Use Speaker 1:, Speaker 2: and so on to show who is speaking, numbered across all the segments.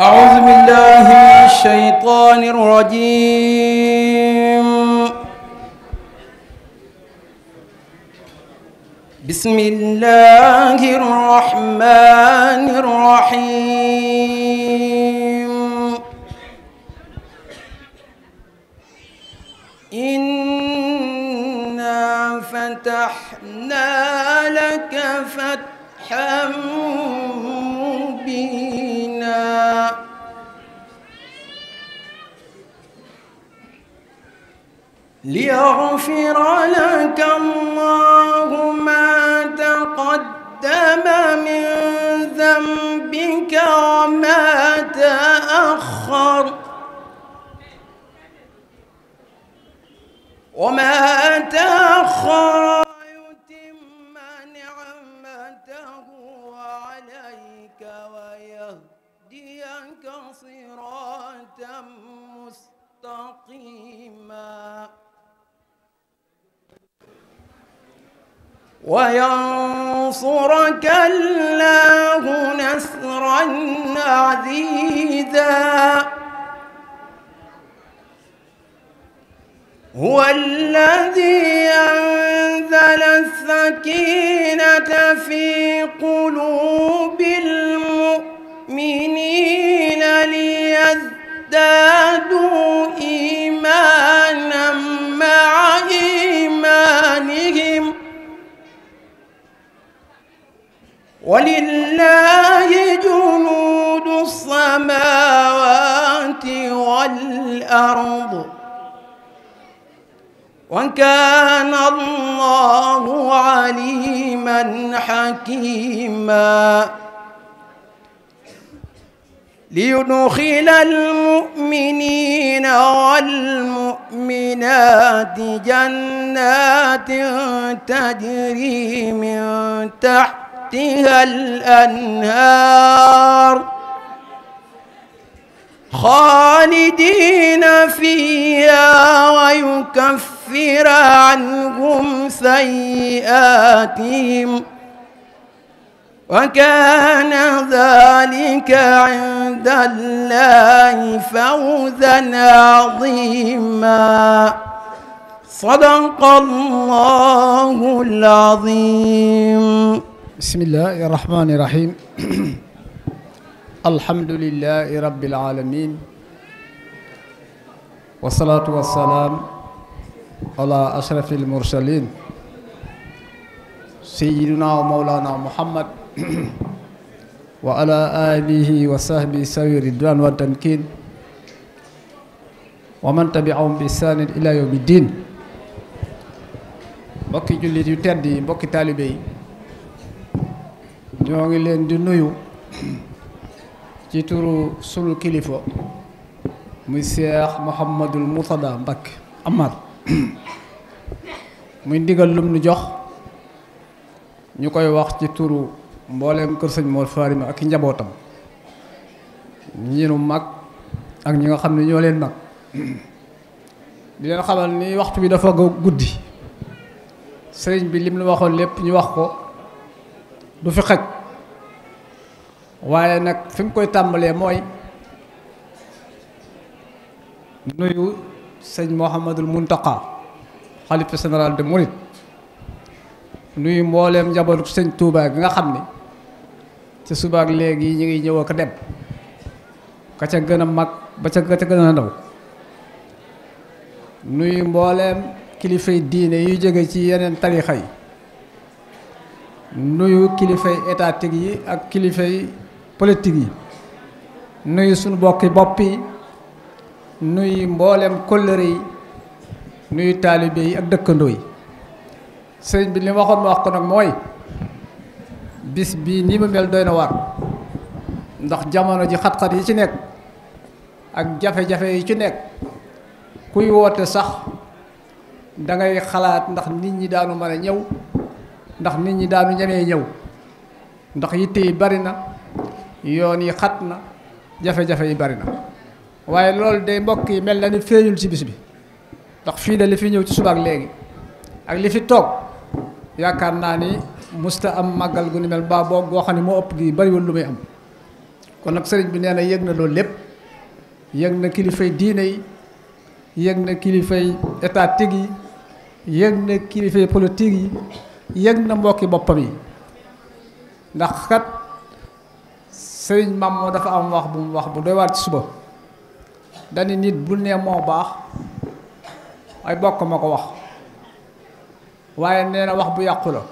Speaker 1: أعوذ بالله من الشيطان الرجيم بسم الله الرحمن الرحيم إنا فتحنا لك فتحا يشاء ليغفر لك الله ما تقدم من ذنبك وما تأخر وما تأخر يهديك صراطا مستقيما وينصرك الله نصرا عزيزا هو الذي أنزل السكينة في قلوب المؤمنين ازدادوا إيمانا مع إيمانهم ولله جنود السماوات والأرض وكان الله عليما حكيما ليدخل المؤمنين والمؤمنات جنات تجري من تحتها الأنهار خالدين فيها ويكفر عنهم سيئاتهم wa kaana dhaalika inda llaahi fawzan aziimaa sadaqa llaahu l-aziim
Speaker 2: bismillaahi rahmaani rahiim alhamdulillaahi rabbil aalamiin wa salaatu wa salaam alaa ashrafil mursaliin sayyidinaa wa mawlaanaa Muhammad wa ala alihi wa sahbi sawi ridwan wa tamkin wa man tabiahum bi ihsanin ila yawmi din mbokki jullit yu tedd yi mbokki taalibe yi ñoo ngi leen di nuyu ci turu sunu kilifa muy Cheikh Mouhamadul Moutada Mbacké Amar muy ndigal lum nu jox ñu koy wax ci turu mbooleem kër sëñ Mor Faarima ak i njabootam ñi nu mag ak ñi nga xam ne ñoo leen mag di leen xamal ni waxtu bi dafa guddi sëñ bi lim la waxoon lépp ñu wax ko du fi xaj waaye nag fi mu koy tàmbalee mooy nuyu sëñ Mouhamadul Mountakha xalifa général de Mouride nuyu mbooleem njabootu sëñ Touba gi nga xam ne ci subaak léegi ñu ngi ñëw ak dem ka ca gën a mag ba ca ka ca gën a ndaw nuyu mbooleem kilifay diine yu jóge ci yeneen tarixa yi nuyu kilifay étatique yi ak kilifay politique yi nuyu suñu bokki boppi yi nuyu mbooleem kóllëre yi nuyu taalibe yi ak dëkkandoo yi sëñ bi li waxoon ma wax ko nag mooy bis bii nii mu mel doy na waar ndax jamono ji xat-xat yi ci nekk ak jafe-jafe yi ci nekk kuy woote sax dangay xalaat ndax nit ñi daanu mën a ñëw ndax nit ñi daanu ñemee ñëw ndax yitte yi bari na yoon yi xat na jafe-jafe yi bari na waaye loolu day mbokk yi mel na nit feeñul ci bis bi ndax fii na li fi ñëw ci suba ak léegi ak li fi toog yaakaar naa ni musta am màggal gu mel ba boog goo xam ne moo ëpp gi bariwul lu muy am kon nag sëriñ bi nee na yëg na loolu lépp yëg na kilifay diine yi yëg na kilifay étatique yi yëg na kilifay politique yi yëg na mbokki boppam yi ndax kat sëriñ maam moo dafa am wax bu mu wax bu doy waar suba dani nit bu nee moo baax ay bokk ma ko wax waaye nee na wax bu yàqu la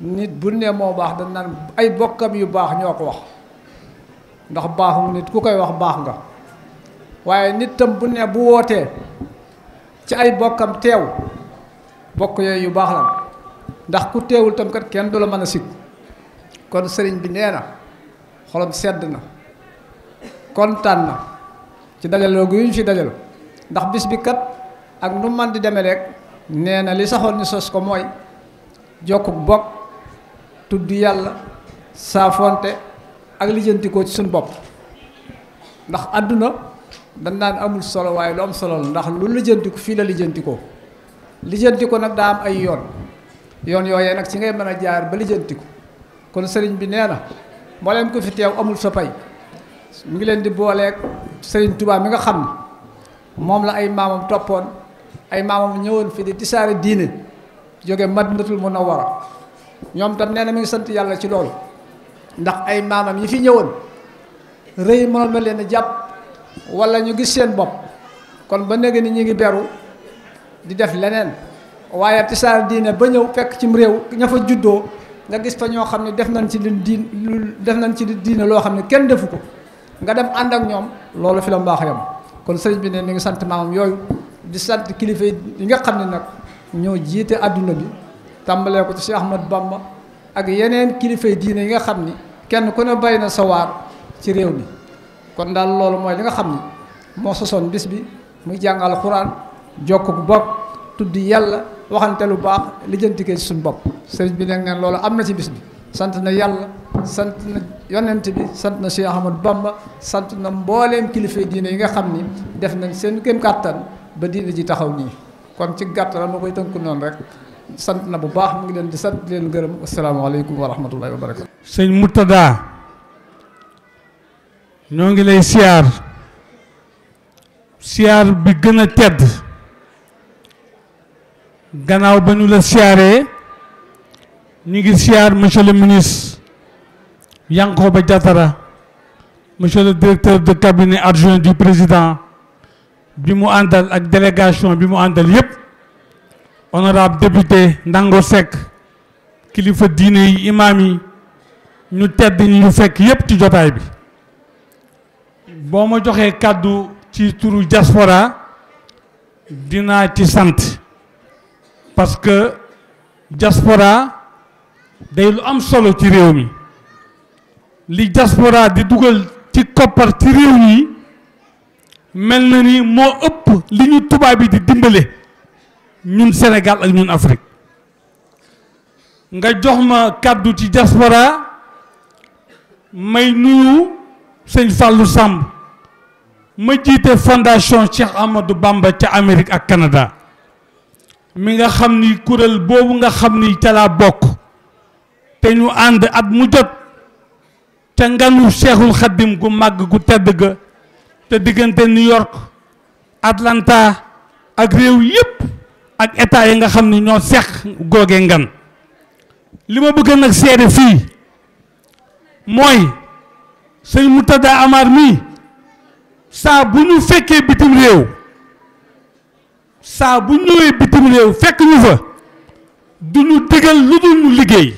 Speaker 2: nit bu nee moo baax dañ naan ay bokkam yu baax ñoo ko wax ndax baaxu nit ku koy wax baax nga waaye nit tam bu nee bu wootee ci ay bokkam teew bokk yooyu yu baax la ndax ku teewul tam kat kenn du la mën a sikk kon sëriñ bi nee na xolam sedd na kontaan na ci dajaloo gi ñu fi dajalo ndax bis bi kat ak nu man di demee rek nee na li saxoon ñu sos ko mooy jokkuk bokk tudd yàlla saafonte ak lijjantikoo ci suñu bopp ndax àdduna dañ naan amul solo waaye lu am solo ndax lu lijjantiku fii la lijjantikoo lijjantiku nag daa am ay yoon yoon yooyee nag ci ngay mën a jaar ba lijjantiku kon sëriñ bi nee na mbooleem ko fi teew amul sa pay mu ngi leen di booleeg sëriñ Tuubaa mi nga xam moom la ay maamam toppoon ay maamam ñëwoon fii di tisaare diine jóge a Munawwara ñoom tam nee na mi ngi sant yàlla ci loolu ndax ay maamam yi fi ñëwoon rëy mënoon na leen jàpp wala ñu gis seen bopp kon ba léegi ni ñu ngi beru di def leneen waaye tisaar diine ba ñëw fekk cim réew ña fa juddoo nga gis fa ñoo xam ne def nañ ci lu diin lu def nañ ci lu diine loo xam ne kenn defu ko nga dem ànd ak ñoom loolu fi la mbaax kon sëriñ bi ne mi ngi sant maamam yooyu di sant kilifa yi nga xam ne nag ñoo jiite àdduna bi. tàmbalee ko ci Cheikh Ahmad Bamba ak yeneen kilifay diine yi nga xam ni kenn ku ne bay na sawaar ci réew mi kon daal loolu mooy li nga xam ni moo sosoon bis bi muy jàng alxuraan jokk bu bopp tudd yàlla waxante lu baax lijjanti ko ci suñu bopp sëriñ bi nag neen loolu am na ci bis bi sant na yàlla sant na yonent bi sant na Cheikh Ahmad Bamba sant na mbooleem kilifay diine yi nga xam ni def nañ seen kéem kàttan ba diine ji taxaw nii kon ci gàttal ma koy tënku noonu rek sant na bu baax mu ngi leen di sant di leen gërëm asalaamaaleykum wa rahmatullahi wa barakatu
Speaker 3: ñoo ngi lay siyaar siyaar bi gën a tedd gannaaw ba ñu la siyaaree ñu ngi siyaar monsieur le ministre Yankhoba Diattara monsieur le directeur de cabinet adjoint du président bi mu àndal ak délégation bi mu àndal yépp honorable député Ndango Seck kilifa diine yi imaam yi ñu tedd ñi ñu fekk yépp ci jotaay bi boo ma joxee kàddu ci turu diaspora dinaa ci sant parce que jaspora day lu am solo ci réew mi li jaspora di dugal ci koppar ci réew mi mel na ni moo ëpp li ñu tubaab yi di dimbale ñun Sénégal ak ñun Afrique nga jox ma kàddu ci diaspora may nuyu sëñ Fallou Samb ma jiite fondation Cheikh Amadou Bamba ca Amérique ak Canada mi nga xam ni kuréel boobu nga xam ni ca bokk te ñu ànd at mu jot ca nganu Cheikhul Khadim gu màgg gu tedd ga te diggante New York Atlanta ak réew yépp ak état yi nga xam ni ñoo seq googe ngan li ma bëgg nag seede fii mooy sëñ Murtada Amar mii saa bu ñu fekkee bitim réew saa bu ñëwee bitim réew fekk ñu fa du ñu digal lu dul ñu liggéey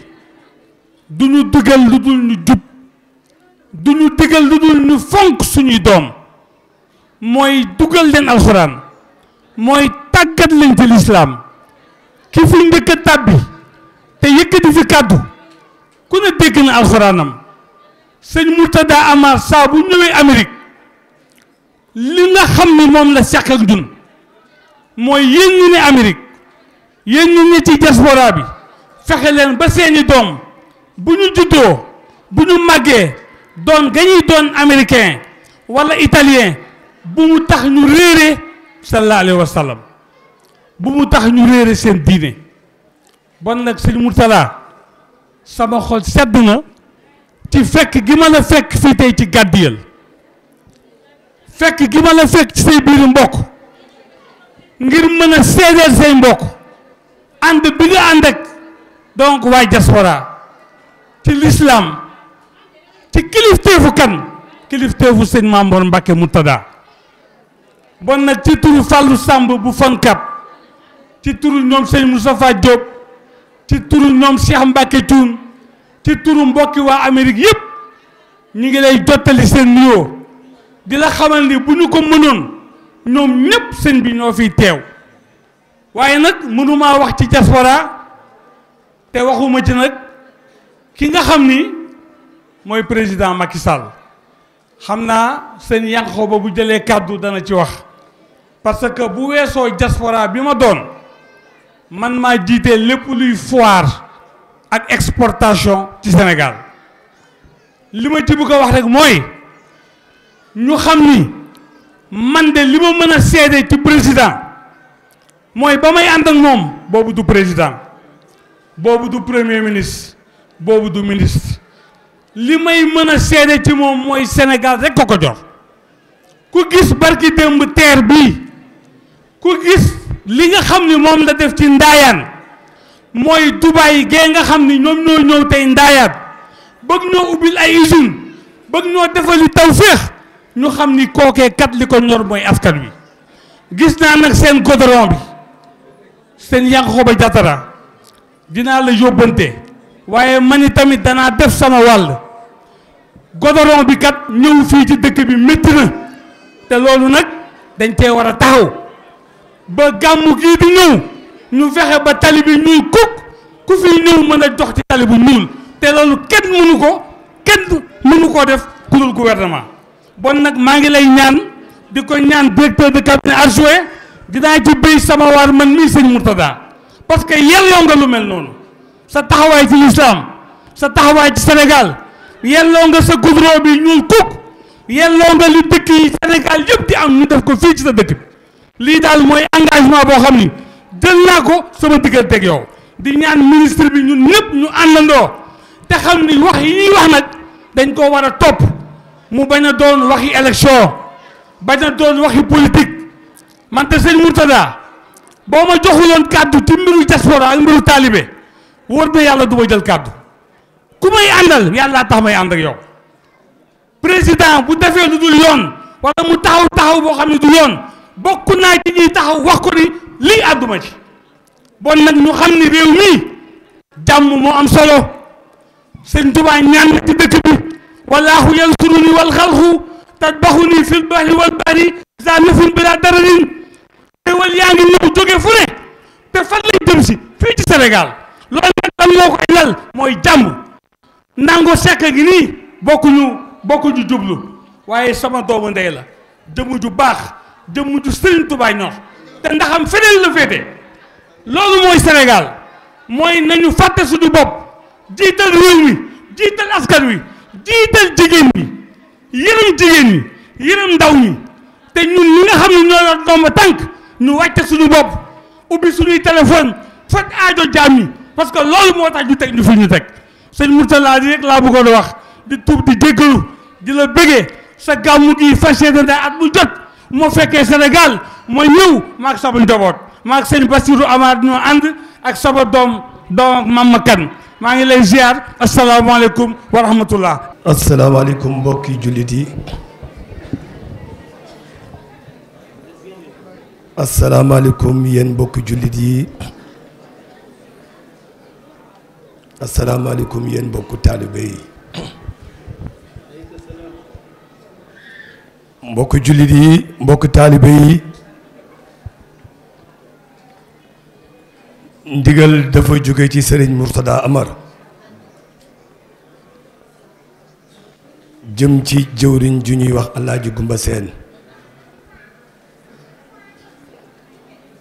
Speaker 3: du ñu digal lu dul ñu jub du ñu digal lu dul ñu fonk suñuy doom mooy dugal leen alxuraan mooy tàggat lañ ci lislaam ki fi njëkk a tàbbi te yëkkati fi kàddu ku ne dégg na alxuraanam sëñ Murtada Amar saa ñëwee Amérique li nga xam ni moom la seq ak mooy yéen ñu ne Amérique yéen ñu ne ci diaspora bi fexe leen ba seeni doom bu ñu juddoo bu ñu màggee doon gañuy doon américain wala italien bu mu tax ñu réere sallallahu alayhi wa sallam bu mu tax ñu réere seen diine bon nag sëñ Murtala sama xol sedd na ci fekk gi ma la fekk fii tey ci gàddiyal fekk gi ma la fekk ci say biir mbokk ngir mën a seedeel say mbokk ànd bi nga ànd ak donc waay diaspora ci l'islam ci kilifteefu kan kilifteefu sëñ Mamoor Mbàkke Murtada bon nag ci turu Fallou Samb bu Foncab ci turu ñoom sëñ Moustapha Diop ci turu ñoom Cheikh Mbacke Thioune ci turu mbokki waa Amérique yëpp ñu ngi lay jottali seen nuyoo di la xamal ni bu ñu ko mënoon ñoom ñëpp sëñ bi ñoo fiy teew waaye nag mënumaa wax ci diaspora te waxuma ci nag ki nga xam ni mooy président Macky Sall xam naa seen yanqoo ba bu jëlee kàddu dana ci wax parce que bu weesoo diaspora bi ma doon man maa jiite lépp luy foire ak exportation ci Sénégal li ma ci bëgg a wax rek mooy ñu xam ni man de li ma mën a seede ci président mooy ba may ànd ak moom boobu du président boobu du premier ministre boobu du ministre li may mën a seede ci moom mooy Sénégal rek ko ko jox ku gis barki démb teer bii ku gis li nga xam ni moom la def ci ndaayaan mooy Dubaay gee nga xam ni ñoom ñoo ñëw tey ndaayaan bëgg ñoo ubbil ay usine bëgg ñoo defali tawféex ñu xam ni kookee kat li ko ñor mooy askan wi gis naa nag seen godoron bi seen Yankhoba Diattara dinaa la yóbbante waaye man i tamit danaa def sama wàll godoron bi kat ñëw fii ci dëkk bi métti na te loolu nag dañ cee war a taxaw ba gàmmu gii di ñëw ñu fexe ba tali bi ñuy kuk ku fi ñëw mën a jox ci tali bu ñuul te loolu kenn mënu ko kenn mënu koo def ku dul gouvernement bon nag maa ngi lay ñaan di ko ñaan directeur de cabinet adjoint dinaa ci béy sama waar man mii sëñ Murtada parce que yelloo nga lu mel noonu sa taxawaay ci lislaam sa taxawaay ci Sénégal yelloo nga sa goudron bi ñuul kuk yelloo nga li dëkk yi Sénégal yëpp di am ñu def ko fii ci sa dëkk bi lii daal mooy engagement boo xam ni jël naa ko sama digganteeg yow di ñaan ministre bi ñun ñëpp ñu àndandoo te xam ni wax yi wax nag dañ koo war a topp mu bañ a doon waxi élection bañ a doon waxi politique man te sëñ boo ma joxuloon kàddu ci mbiru diaspora ak mbiru taalibe wóor na yàlla du ma jël kàddu ku may àndal yàlla tax may ànd ak yow président bu defee lu dul yoon wala mu taxaw taxaw boo xam ne du yoon. bokk naa ci ñuy taxaw wax ko ni lii àdduma ci bon nag ñu xam ni réew mii jàmm moo am solo sëñ Tuubaa ñaan na ci dëkk bi wallaahu yansuruni wal xalqu tatbaxuni fil bahri wal bahri za nafin bila dararin xéwal yaa ngi ñëw jóge fu ne te fan lañ jëm si fii ci Sénégal loolu nag moo koy lal mooy jàmm nango sekk gi nii bokkuñu bokkuñu jublu waaye sama doomu ndey la jëmu ju baax jëmm ju sëriñ Tuubaa ñor te ndaxam feneen la féete loolu mooy Sénégal mooy nañu fàtte suñu bopp jiital réew mi jiital askan wi jiital jigéen ñi yërëm jigéen ñi yërëm ndaw ñi te ñun ñi nga xam ne ñoo yor doom tànk ñu wàcc suñu bopp ubbi suñuy téléphone faj aajo jaam yi parce que loolu moo tax ñu teg ñu fi ñu teg sëñ Mourtala di rek laa bëggoon a wax di tuub di jéggalu di la bëggee sa gàmmu gi fas yéene at mu jot moo fekkee Sénégal moo ñëw ma ak sama njaboot ma ak sëñ Bassirou Amath ñoo ànd ak sama doom doom ak Mama Kane maa ngi lay ziar
Speaker 4: asalaamaaleykum wa rahmatullah. asalaamaaleykum mbokki jullit yi asalaamaaleykum yéen mbokki jullit yi yéen mbokku taalibe mbokk jullit yi mbokk taalibe yi ndigal dafa jóge ci sëriñ Mourtada Amar jëm ci jëwriñ ju ñuy wax Alaaji Gumba Seen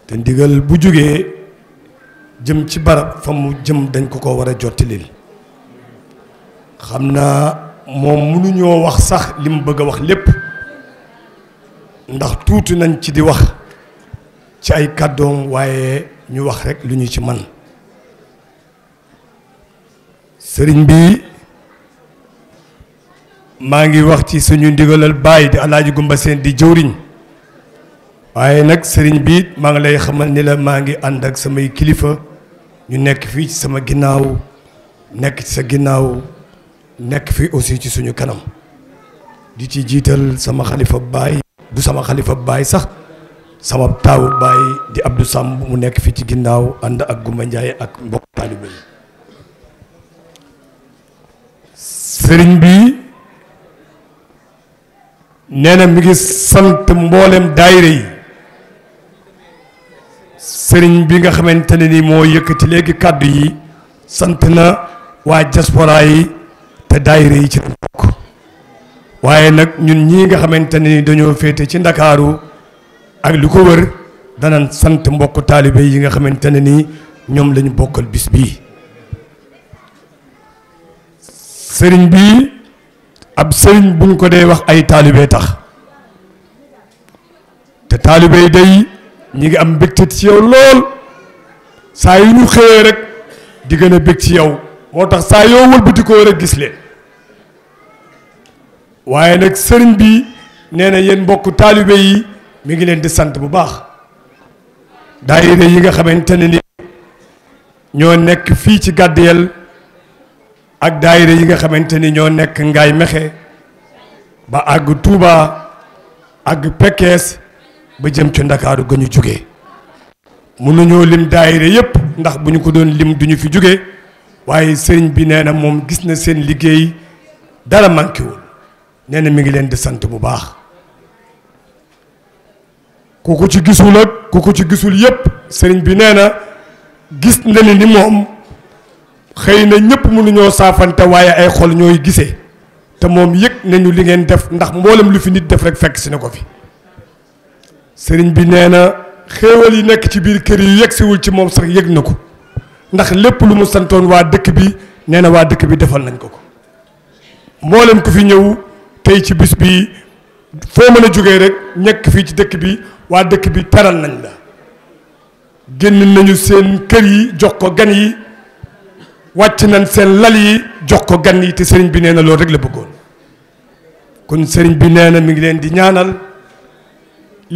Speaker 4: te ndigal bu jógee jëm ci barab fa mu jëm dañ ko ko war a jottilil xam naa moom mënuñoo wax sax li mu bëgg a wax lépp ndax tuuti nañ ci di wax ci ay kàddoom waaye ñu wax rekk lu ñu ci man sëriñ bi maa ngi wax ci suñu ndigalal baay di alaaji gumba seen di jëwriñ waaye nag sëriñ bi maa ngi lay xamal ni la maa ngi ànd ak samay kilifa ñu nekk fii ci sama ginnaaw nekk ci sa ginnaaw nekk fii aussi ci suñu kanam di ci jiital sama xalifa baay du sama xalifa baay sax sama taawu baay di Abdou Samb mu nekk fii ci ginnaaw ànd ak Gumba Ndiaye ak mbokk taalibe yi sëriñ bi neena mi ngi sant mboolem daayira yi sëriñ bi nga xamante ne ni moo yëkkati léegi kàddu yi sant na waa diaspora yi te daayira yi ci bokk waaye nag ñun ñii nga xamante ni dañoo féete ci ndakaaru ak lu ko wër danañ sant mbokk taalibe yi nga xamante ne nii ñoom lañu bokkal bis bii sëriñ bii ab sëriñ buñ ko dee wax ay taalibe tax te taalibe yi day ñi ngi am mbégte ci yow lool saa yu ñu xëyee rek di gën a bég ci yow moo tax saa yoo wëlbatikoo rek gis leen waaye nag sëriñ bi nee na yéen mbokk taalibe yi mi ngi leen di sant bu baax daayira yi nga xamante ne ni ñoo nekk fii ci Gadeyelle ak daayira yi nga xamante ni ñoo nekk Ngaay Mexe ba àgg Touba agg Pekes ba jëm ci Ndakaaru ga ñu jóge mënuñoo lim daayira yépp ndax bu ñu ko doon lim duñu fi jóge waaye sëriñ bi nee na moom gis na seen liggéey dara manqué nee na mi ngi leen di sant bu baax ku ko ci gisul ak ku ko ci gisul yépp sëriñ bi nee na gis na ni moom xëy na ñépp mënuñoo saafante waaye ay xol ñooy gisee te moom yëg nañu li ngeen def ndax mboolem lu fi nit def rek fekk si na ko fi sëriñ bi nee na xéewal yi nekk ci biir kër yi yegsiwul ci moom sax yëg na ko ndax lépp lu mu santoon waa dëkk bi nee na waa dëkk bi defal nañ ko ko mboolem ku fi ñëw tey ci bis bi foo mën a jógee rek ñekk fii ci dëkk bi waa dëkk bi teral nañ la génn nañu seen kër yi jox ko gan yi wàcc nañ seen lal yi jox ko gan yi te sëriñ bi nee na loolu rek la bëggoon kon sëriñ bi nee na mi ngi leen di ñaanal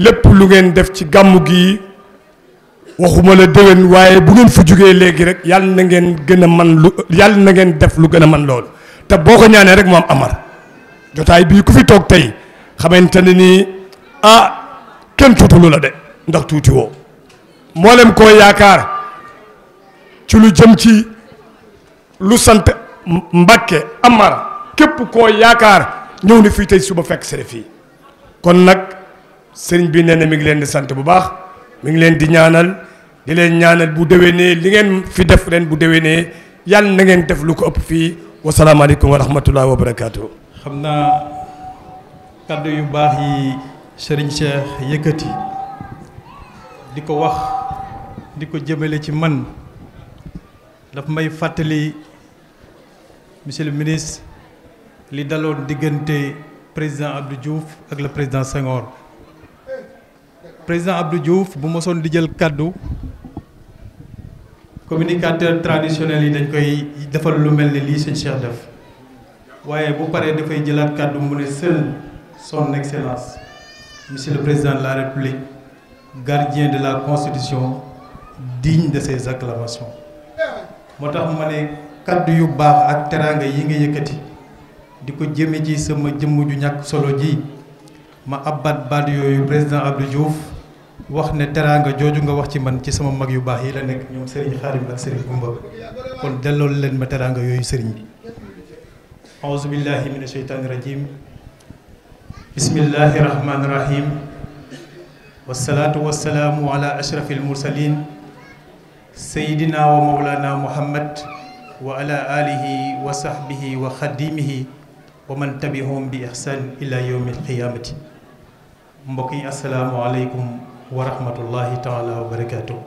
Speaker 4: lépp lu ngeen def ci gàmmu gi waxuma la déwén waaye bu ngeen fa jógee léegi rek yàlla na ngeen gën a man lu yàlla na ngeen def lu gën a man loolu te boo ko ñaanee rek mu am amar jotaay bii ku fi toog tey xamante ne nii ah kenn tuutalu la de ndax tuuti woo mboolem koo yaakaar ci lu jëm ci lu sant Mbàkke Amar képp koo yaakaar ñëw na fii tey suba fekk sere fii kon nag sëriñ bi nee na mi ngi leen di sant bu baax mu ngi leen di ñaanal di leen ñaanal bu déwénee li ngeen fi def leen bu déwénee yàlla na ngeen def lu ko ëpp fii wasalaamaaleykum wa rahmatullahi wa barakaatu.
Speaker 5: xam naa kàddu yu baax yi sëriñ Cheikh yëkkati di ko wax di ko jëmale ci man dafa may fàttali monsieur le ministre li daloon diggante président Abdou juuf ak le président Senghor président Abdou juuf bu mosoon di jël kàddu communicateur traditionnel yi dañ koy defal lu mel ni lii sëñ Cheikh def waaye bu paree dafay jëlaat kàddu mu ne seul son excellence monsieur le président la république gardien de la constitution digne de ses acclamations moo tax ma ne kàddu yu baax ak teraanga yi nga yëkkati di ko jëme ci sama jëmm ju ñàkk solo ji ma abbat baat baat yooyu président Abdou Diouf wax ne teraanga jooju nga wax ci man ci sama mag yu baax yi la nekk ñoom Serigne Xaarim ak Serigne Gumba kon delloo leen ma teraanga yooyu Serigne bi أعوذ بالله من الشيطان الرجيم بسم الله الرحمن الرحيم والصلاة والسلام على أشرف المرسلين سيدنا ومولانا محمد وعلى آله وصحبه وخديمه ومن تبعهم بإحسان إلى يوم القيامة مبقي السلام عليكم ورحمة الله تعالى وبركاته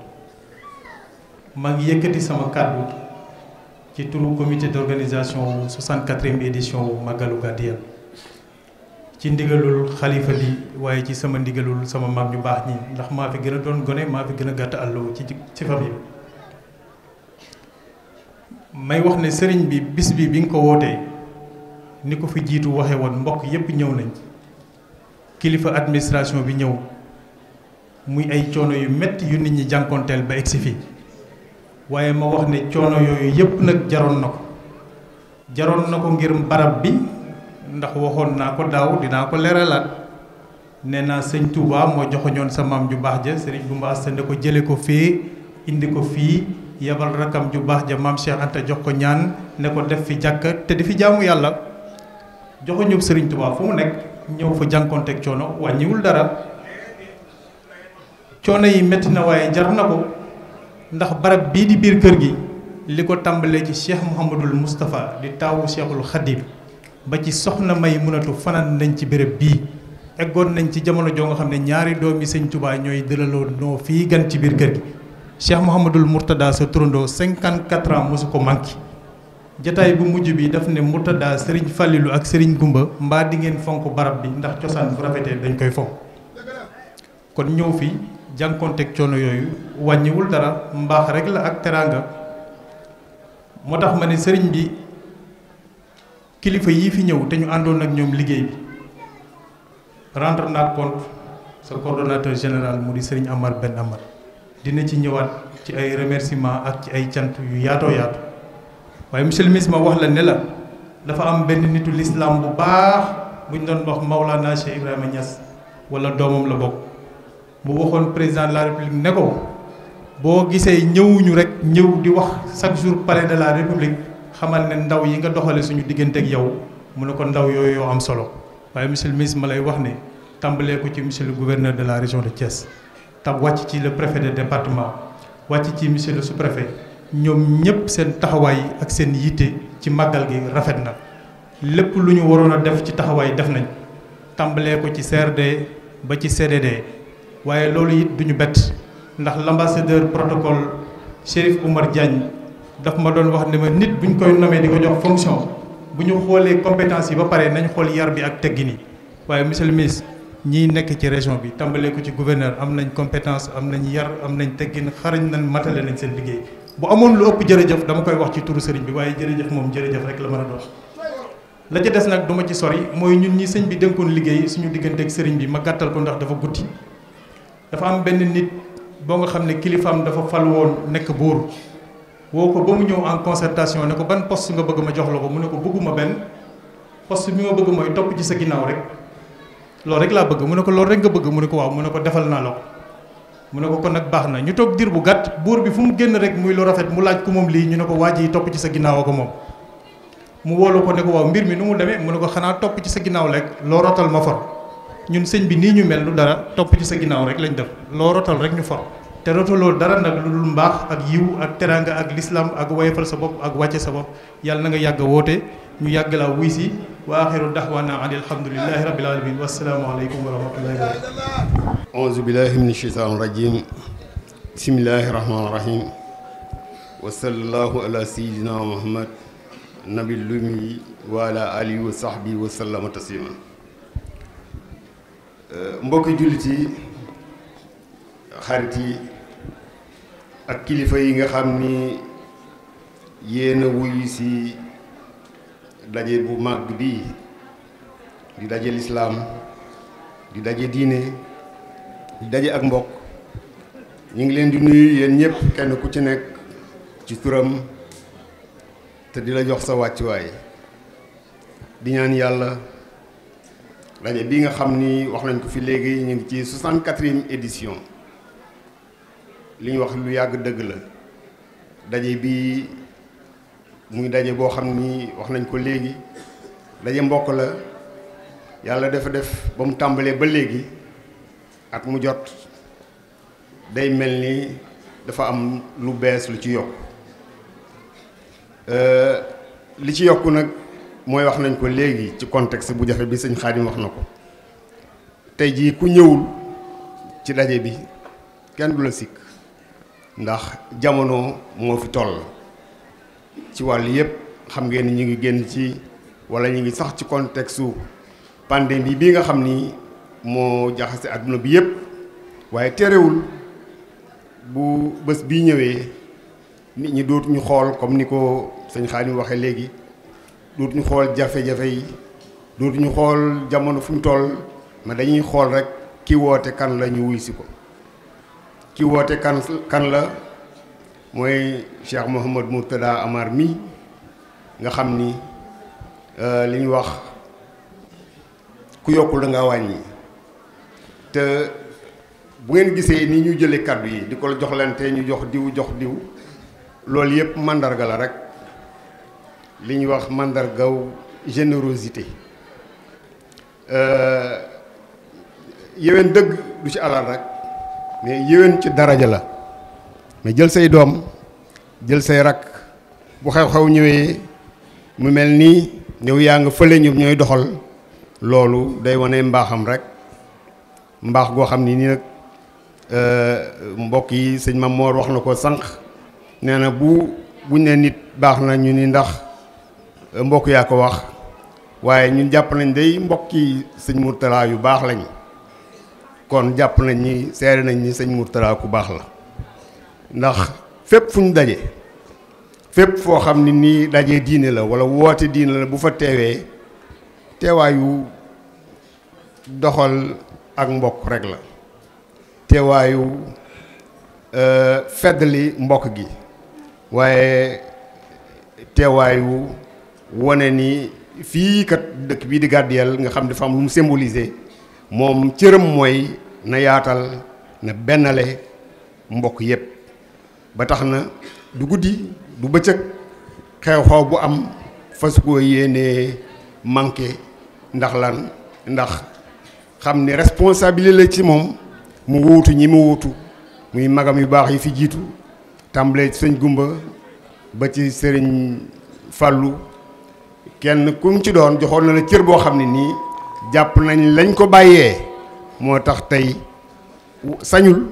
Speaker 5: ما يكتي سما كادو ci turu comité d'organisation 64e édition Magalu Gàddiyeen ci ndigalul xalifa bi waaye ci sama ndigalul sama mag ñu baax ñi ndax maa fi gën a doon gone maa fi gën a gàtt àlloo ci ci famille bi may wax ne sëriñ bi bis bi bi nga ko wootee ni ko fi jiitu waxe woon mbokk yépp ñëw nañ kilifa administration bi ñëw muy ay coono yu métti yu nit ñi jànkoonteel ba egsi fii waaye ma wax ne coono yooyu yëpp nag jaroon na ko jaroon na ko ngir barab bi ndax waxoon naa ko daaw dinaa ko leeralaat nee naa sëñ Touba moo joxoñoon sa maam ju baax ja sëriñ bu mbaas ne ko jële ko fee indi ko fii yabal rakam ju baax ja maam Cheikh jox ko ñaan ne ko def fi jàkk te di fi jàmm yàlla joxoñub sëriñ Touba fu mu nekk ñëw fa jànkoonteeg coono wàññiwul dara coono yi metti na waaye jar na ko ndax barab bii di biir kër gi li ko tàmbalee ci cheikh Mouhamadul Moustapha di taawu cheikhul Khadim ba ci soxna May munatu fanaan nañ ci bërëb bii eggoon nañ ci jamono joo nga xam ne ñaari doomi sëñ Touba ñooy dëlaloo noo fii gan ci biir kër gi. cheikh Mouhamadul Mourtada sa turandoo 54 ans mosu ko manqué jataay bu mujj bi daf ne Mourtada Serigne Fallilou ak sëriñ Gumba mbaa di ngeen fonk barab bi ndax cosaan bu rafetee dañ koy fonk jànkoonteeg coono yooyu wàññiwul dara mbaax rek la ak teraanga moo tax ma ne sëriñ bi kilifa yii fi ñëw te ñu àndoon ak ñoom liggéey bi rendre naa compte sa coordonnateur général mu di sëriñ Amar Ben Amar dina ci ñëwaat ci ay remerciements ak ci ay cant yu yaatoo yaatu waaye monsieur le ma wax la ne la dafa am benn nitu l'islam bu baax buñ doon wax Maulana Cheikh Ibrahima Niass wala doomam la bokk. mu waxoon président la république ne ko boo gisee ñëwuñu rek ñëw di wax chaque jour palais de la république xamal ne ndaw yi nga doxale suñu diggante ak yow mu ne ko ndaw yooyu yoo am solo waaye monsieur le ministre ma lay wax ne tàmbalee ko ci monsieur le gouverneur de la région de Thiès tam wàcc ci le préfet de département wàcc ci monsieur le sous-préfet ñoom ñëpp seen taxawaay ak seen yitte ci màggal gi rafet na lépp lu ñu waroon a def ci taxawaay def nañ tàmbalee ko ci CRD ba ci CDD waaye loolu it duñu bett ndax l'ambassadeur protocole Chérif Oumar Diagne daf ma doon wax ne ma nit buñ koy nomee di ko jox fonction bu ñu xoolee compétence yi ba pare nañ xool yar bi ak teggin yi waaye monsieur le ñiy nekk ci région bi tàmbalee ko ci gouverneur am nañ compétence am nañ yar am nañ teggin xarañ nañ matale nañ seen liggéey bu amoon lu ëpp jërëjëf dama koy wax ci turu sëriñ bi waaye jërëjëf moom jërëjëf rek la mën a dox la ca des nag du ma ci sori mooy ñun ñi sëñ bi dénkoon liggéey suñu digganteeg sëriñ bi ma gàttal ko ndax dafa guddi dafa am benn nit boo nga xam ne kilifaam dafa fal woon nekk buur woo ko ba mu ñëw en concertation ne ko ban poste nga bëgg ma jox la ko mu ne ko bëgguma benn poste bi ma bëgg mooy topp ci sa ginnaaw rek loolu rek laa bëgg mu ne ko loolu rek nga bëgg mu ne ko waaw mu ne ko defal naa la mu ne ko kon nag baax na ñu toog diir bu gàtt buur bi fu mu génn rek muy lu rafet mu laaj ko moom lii ñu ne ko waaj yi topp ci sa ginnaaw ko moom mu woolu ko ne ko mbir mi nu mu demee mu ne ko xanaa topp ci sa ginnaaw rek loo rotal ma for ñun sëñ bi nii ñu mel lu dara topp ci sa ginnaaw rek lañ def loo rotal rek ñu for te rotaloo dara nag lu dul mbaax ak yiw ak teraanga ak lislaam ak wayfal sa bopp ak wàcce sa bopp yàlla na nga yàgg woote ñu yàgg laa wuy si wa axiru daxwaana an alhamdulilahi rabil alamin wasalaamu aleykum wa rahmatullahi wa barakatu
Speaker 6: auzu billahi min sheytaan rajim bismillahi rahmaani rahim wa sallallahu ala sayidina muhammad nabi lumi wa ala wa sahbihi wa sallama Euh, mbokki jullit yi xarit yi ak kilifa yi nga xam ni yéen a wuyu si daje bu màgg bii di daje lislaam di daje diine di daje ak mbokk ñu ngi leen di nuyu yéen ñëpp kenn ku ci nekk ci turam te di la jox sa wàccuwaay di ñaan yàlla daje bi nga xam ni wax nañ ko fi léegi ñu ngi ci soixante-quatrième édition li ñu wax lu yàgg dëgg la daje bi muy daje boo xam ni wax nañ ko léegi daje mbokk la yàlla dafa def ba mu tàmbalee ba léegi at mu jot day mel ni dafa am lu bees lu ci yokk euh, li ci yokk nag mooy wax nañ ko léegi ci contexte bu jafe bi sëñ Xaadim wax na ko tey jii ku ñëwul ci daje bi kenn du la sikk ndax jamono moo fi toll ci wàll yëpp xam ngeen ni ñu ngi génn ci wala ñu ngi sax ci contexte su pandémie bii nga xam ni moo jaxase àdduna bi yëpp waaye terewul bu bés bii ñëwee nit ñi dootuñu xool comme ni ko sëñ Xaadim waxee léegi. dootuñu xool jafe-jafe yi dootuñu xool jamono fu mu toll ma dañuy xool rek ki woote kan la ñu wuy si ko ki woote kan kan la mooy Cheikh Mouhamad Mourtada Amar mi nga xam ni euh, li ñu wax ku yokkul da nga wàññi te bu ngeen gisee ni ñu jëlee kàddu yi di ko la joxlante ñu jox diw jox diw loolu yëpp màndarga la rek li ñu wax màndargaw générosité euh, yéwén dëgg du ci alal rek mais yéwén ci daraja la mais jël say doom jël say rakk bu xew-xew ñëwee mu mel nii ñëw yaa nga fële ñu ñooy doxal loolu day wane mbaaxam rek mbaax goo xam ni nii nag euh, mbokk yi sëñ Mamoor wax na ko sànq nee na bu buñ ne nit baax na ñu ni ndax mbokk yaa ko wax waaye ñun jàpp nañ day mbokki sëñ Mourtala yu baax lañ kon jàpp nañ ni seere nañ ni sëñ Mourtala ku baax la ndax fépp fu ñu daje fépp foo xam ni nii daje diine la wala woote diine la bu fa teewee teewaayu doxal ak mbokk rek la teewaayu e, feddali mbokk gi waaye teewaayu wane ni fii kat dëkk bii di Gadeyelle nga xam dafa am lu mu symboliser moom cëram mooy na yaatal na bennale mbokk yépp ba tax na du guddi du bëccëg xew-xew bu am fas koo yéenee manqué ndax lan ndax xam ni responsabilité la ci moom mu wuutu ñi mu wuutu muy magam yu baax yi fi jiitu tàmbalee ci sëñ Gumba ba ci sëriñ Fàllu kenn kum ci doon joxoon na la cër boo xam ne nii jàpp nañ lañ ko bàyyee moo tax tey sañul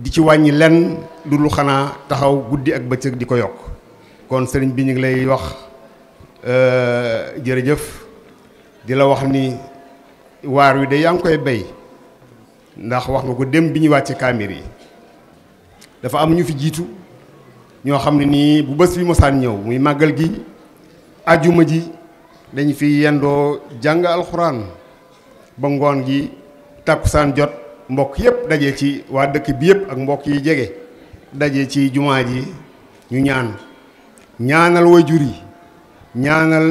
Speaker 6: di ci wàññi lenn lu dul xanaa taxaw guddi ak bëccëg di ko yokk kon sëriñ bi ñu ngi lay wax euh, jërëjëf di la wax ni waar wi de yaa ngi koy bay ndax wax nga ko dem bi ñuy wàcce kaamir yi dafa am ñu fi jiitu ñoo xam ne nii bu bés bi mosaan ñëw muy màggal gi ajuma ji dañu fi yendoo jàng alxuraan ba ngoon gi tàkkusaan jot mbokk yépp daje ci waa dëkk bi yépp ak mbokk yi jege daje ci jumaa ji ñu ñaan ñaanal wajur yi ñaanal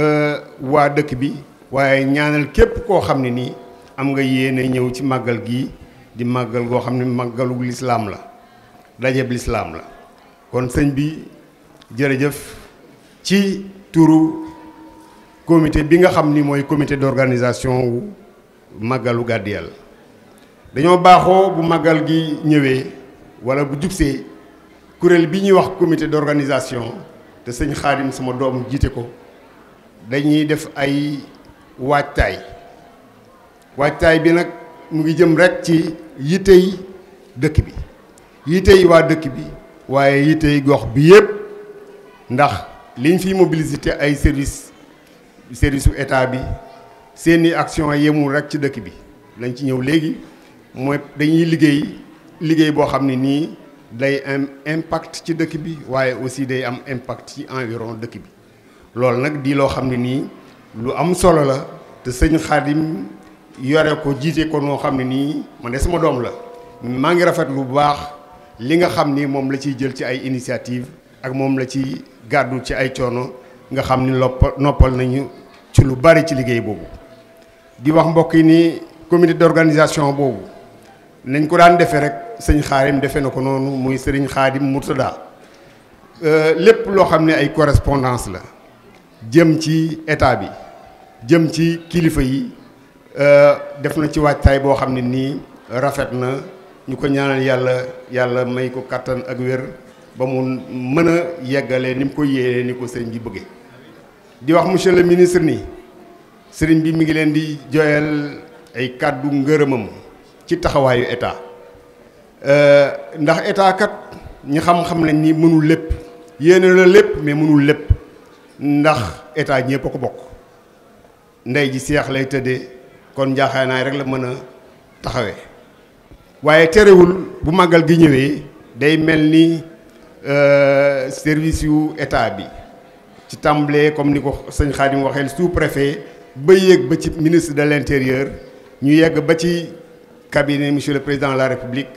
Speaker 6: euh, waa dëkk bi waaye ñaanal képp koo xam ne nii am nga yéene ñëw ci màggal gi di màggal goo xam ne màggalu lislaam la dajeb lislaam la kon sëñ bi jërëjëf ci turu comité bi nga xam ni mooy comité d'organisation wu màggalu Gàddu dañoo baaxoo bu màggal gi ñëwee wala bu jubsee kuréel bi ñuy wax comité d'organisation te sëñ Xaadim sama doom jiite ko dañuy def ay waajtaay waajtaay bi nag mu ngi jëm rek ci yittey dëkk bi yittey waa dëkk bi waaye yittey gox bi yépp ndax liñ fi mobilisé ay service service u état bi seeni action yemul rek ci dëkk bi lañ ci ñëw léegi mooy dañuy liggéey liggéey boo xam ne nii day am impact ci dëkk bi waaye aussi day am impact ci environ dëkk bi loolu nag di loo xam ne nii lu am solo la te sëñ Xaadim yore ko jiite ko noo xam ne nii man de sama doom la maa ngi rafet lu baax li nga xam ni moom la ciy jël ci ay initiative ak moom la ci gàddu ci ay coono nga xam ni lopp noppal nañu ci lu bari ci liggéey boobu di wax mbokk yi ni comité d'organisation boobu nañ ko daan defee rek sëñ xaarim defee na ko noonu muy sëriñ xaadim Murtada euh, lépp loo xam ne ay correspondance la jëm ci état bi jëm ci kilifa yi euh, def na ci waajtaay boo xam ne nii rafet na ñu ko ñaanal yàlla yàlla may ko kattan ak wér ba mu mën a yeggalee ni mu ko yéenee ni ko sëriñ bi bëggee di wax monsieur le ministre nii sëriñ bi mi ngi leen di joyal ay kàddu ngërëmam ci taxawaayu état euh, ndax état kat ñu xam-xam nañ ni mënul lépp yéene la lépp mais mënul lépp ndax état ñëpp a ko bokk ndey ji seex lay tëdde kon njaaxaanaay rek la mën a taxawee waaye terewul bu màggal gi ñëwee day mel ni Euh, service yu état bi ci tamble comme ni ko sëñ Xaadim waxee sous préfet ba yéeg ba ci ministre de l' intérieur ñu yegg ba ci cabinet monsieur le président la république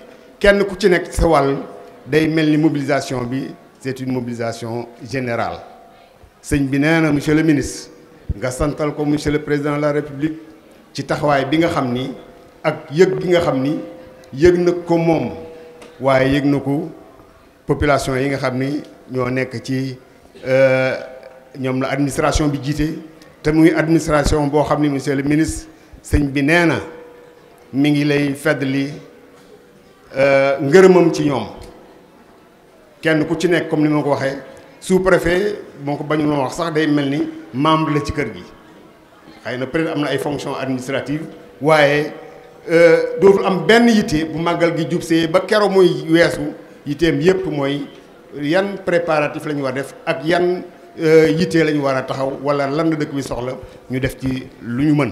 Speaker 6: kenn ku ci nekk sa wàll day mel ni mobilisation bi c' est une mobilisation générale sëñ bi nee na monsieur le ministre nga santal ko monsieur le président la république ci taxawaay bi nga xam ni ak yëg gi nga xam ni yëg nag ko moom waaye yëg na ko population yi nga xam ni ñoo nekk ci euh, ñoom la administration bi jiite te muy administration boo xam ni monsieur le ministre sëñ bi nee na mi ngi lay feddali euh, ngërëmam ci ñoom kenn ku ci nekk comme ni ma ko waxee sous-préfet moo ko bañu loo wax sax day mel ni membre la ci kër gi xëy na peut-être am na ay fonctions administratives waaye euh, dootul am benn yitte bu màggal gi jubsee ba kero muy weesu yiteem yépp mooy yan préparatif la ñu war def ak yan euh, yitee la ñu war a taxaw wala lan la dëkk bi soxla ñu def ci lu ñu mën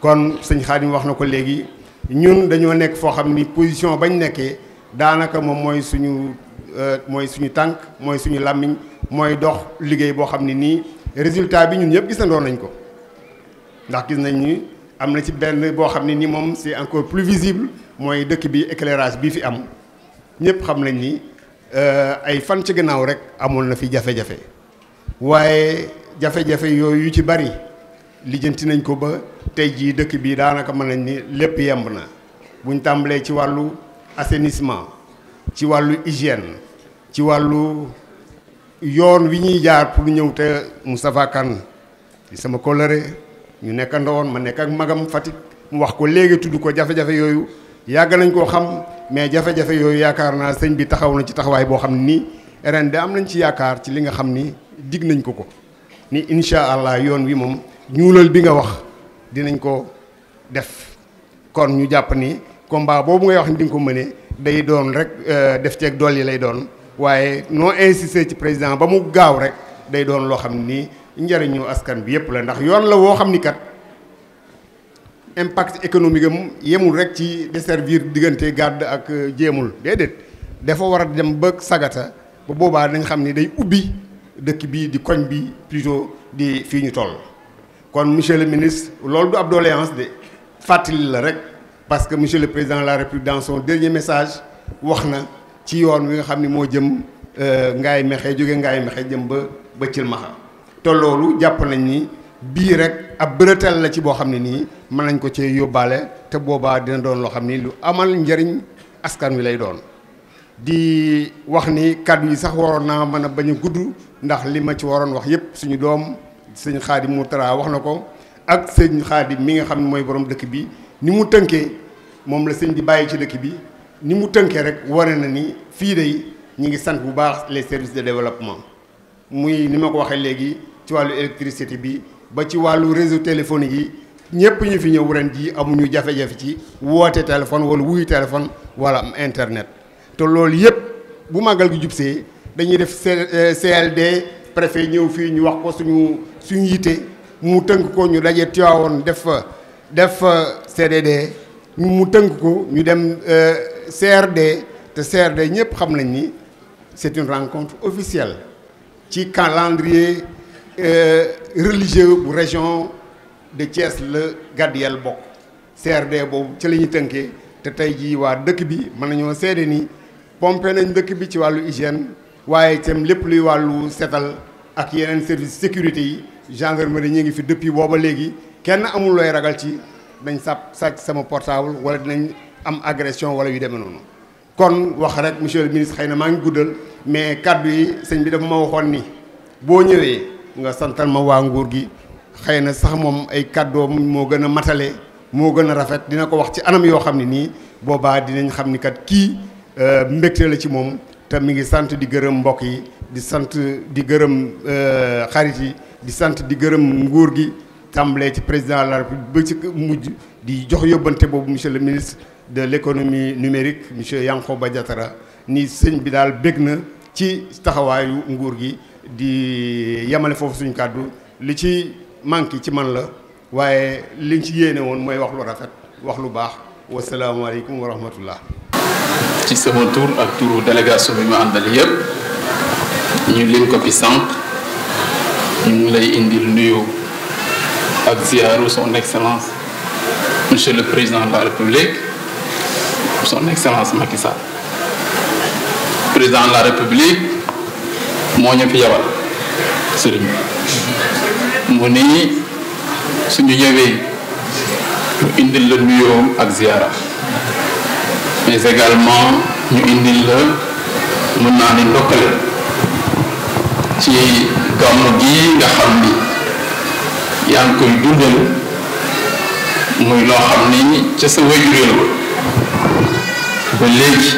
Speaker 6: kon sëñ Xaadim wax na ko léegi ñun dañoo nekk foo xam ni position bañ nekkee daanaka moom mooy suñu euh, mooy suñu tànk mooy suñu làmmiñ mooy dox liggéey boo xam ne nii résultat bi ñun ñëpp gisandoo nañ ko ndax gis nañ ni am na ci benn boo xam ne nii moom c'est encore plus visible mooy dëkk bi éclairage bi fi am ñëpp xam nañ ni euh, ay fan ci gannaaw rek amoon na fi jafe-jafe waaye jafe-jafe yooyu ci bari lijjanti nañ ko ba tey jii dëkk bi daanaka mën nañ ni lépp yemb na buñ tàmbalee ci wàllu assainissement ci wàllu hygiène ci wàllu yoon wi ñuy jaar pour ñëw te Moustapha Kane di sama kóllëre ñu nekk ndawoon ma nekk ak magam Fatick mu wax ko léegi tudd ko jafe-jafe yooyu yàgg nañ koo xam mais jafe-jafe yooyu yaakaar naa sëñ bi taxaw na ci taxawaay boo xam ni ren di am nañ ci yaakaar ci li nga xam ni dig nañ ko ko ni incha allah yoon wi moom ñuulal bi nga wax dinañ ko def kon ñu jàpp ni combat boobu ngay wax ni di nga ko mëne day doon rek euh, def ceeg dool yi lay doon waaye noo insisté ci président ba mu gaaw rek day doon loo xam ni njëriñu askan bi yëpp la ndax yoon la woo xam ni kat. impact économique am yemul rek ci desservir diggante gàdd ak jéemul déedéet dafa war a dem ba sagata ba boobaa dañ xam ni day ubbi dëkk bi di koñ bi plutôt di fii ñu toll. kon monsieur le ministre loolu du ab doléance de fàttali la rek parce que monsieur le président la république dans son message wax na ci yoon wi nga xam ni moo jëm euh, ngaay mexe jóge ngaay mexe jëm ba ba Thilmakha te loolu jàpp nañ ni bii rek ab bërëtal la ci boo xam ne nii. mën nañ ko ci yóbbaale te boobaa dina doon loo xam ni lu amal njariñ askan wi lay doon di wax ni kàddu yi sax waroon naa mën a bañ a gudd ndax li ma ci waroon wax yépp suñu doom sëñ Xaadim Mourtala wax na ko ak sëñ Xaadim mi nga xam ne mooy borom dëkk bi ni mu tënkee moom la sëñ di bàyyi ci dëkk bi ni mu tënkee rek waree na ni fii day ñu ngi sant bu baax les services de développement muy ni ma ko waxee léegi ci wàllu électricité bi ba ci wàllu réseau téléphonique yi ñëpp ñu fi ñëw ren jii amuñu jafe-jafe ci woote téléphone wala wuy téléphone wala am internet te loolu yëpp bu màggal gi jubsee dañuy def CLD euh, préfet ñëw fii ñu wax ko suñu suñu yite mu tënk ko ñu daje Tiwaawoon def def CDD mu tënk ko ñu dem euh, CRD te CRD ñëpp xam nañ ni c'est une rencontre officielle ci calendrier euh, religieux bu région de Thiès la Gadeyelle bokk CRD boobu ci la ñuy tënkee te tey jii waa dëkk bi mën nañoo seede ni pompé nañ dëkk bi ci wàllu hygiène waaye itam lépp luy wàllu setal ak yeneen service sécurité yi gendarmerie ñu ngi fi depuis booba léegi kenn amul looy ragal ci dañ sàpp sàcc sama portable wala dinañ am agression wala yu demee noonu. kon wax rek monsieur le ministre xëy na maa ngi guddal mais kàddu yi sëñ bi dafa ma waxoon ni boo ñëwee nga santal ma waa gi. xëy na sax moom ay kàddoom moo gën a matale moo gën a rafet dina ko wax ci anam yoo xam ne nii boobaa dinañ xam ni kat kii euh, mbégte la ci moom te mi ngi sant di gërëm mbokk yi di sant di gërëm euh, xarit yi di sant di gërëm nguur gi tàmbalee ci président la république ba ci mujj di jox yóbbante boobu monsieur le ministre de léconomie économie numérique monsieur ba Diattara ni sëñ bi daal bég na ci taxawaayu nguur gi di yemale foofu suñu kàddu li ci manqué ci man la waaye li ci yéene woon mooy wax lu rafet wax lu baax wasalaamaaleykum wa rahmatullah
Speaker 7: ci sama tur ak turu délégation bi ma àndal yëpp ñu lim ko fi sànq ñu ngi lay indil nuyu ak ziaru son excellence monsieur le président de la république son excellence Macky président de la république moo ñu fi yabal sëriñ bi mu ni suñu ñëwee ñu indil la nuyoom ak ziara mais également ñu indil la mun naa ni ndokkale ci gàmmu gi nga xam ni yaa ngi koy dundal muy loo xam ni ca sa wéyuréel ba léegi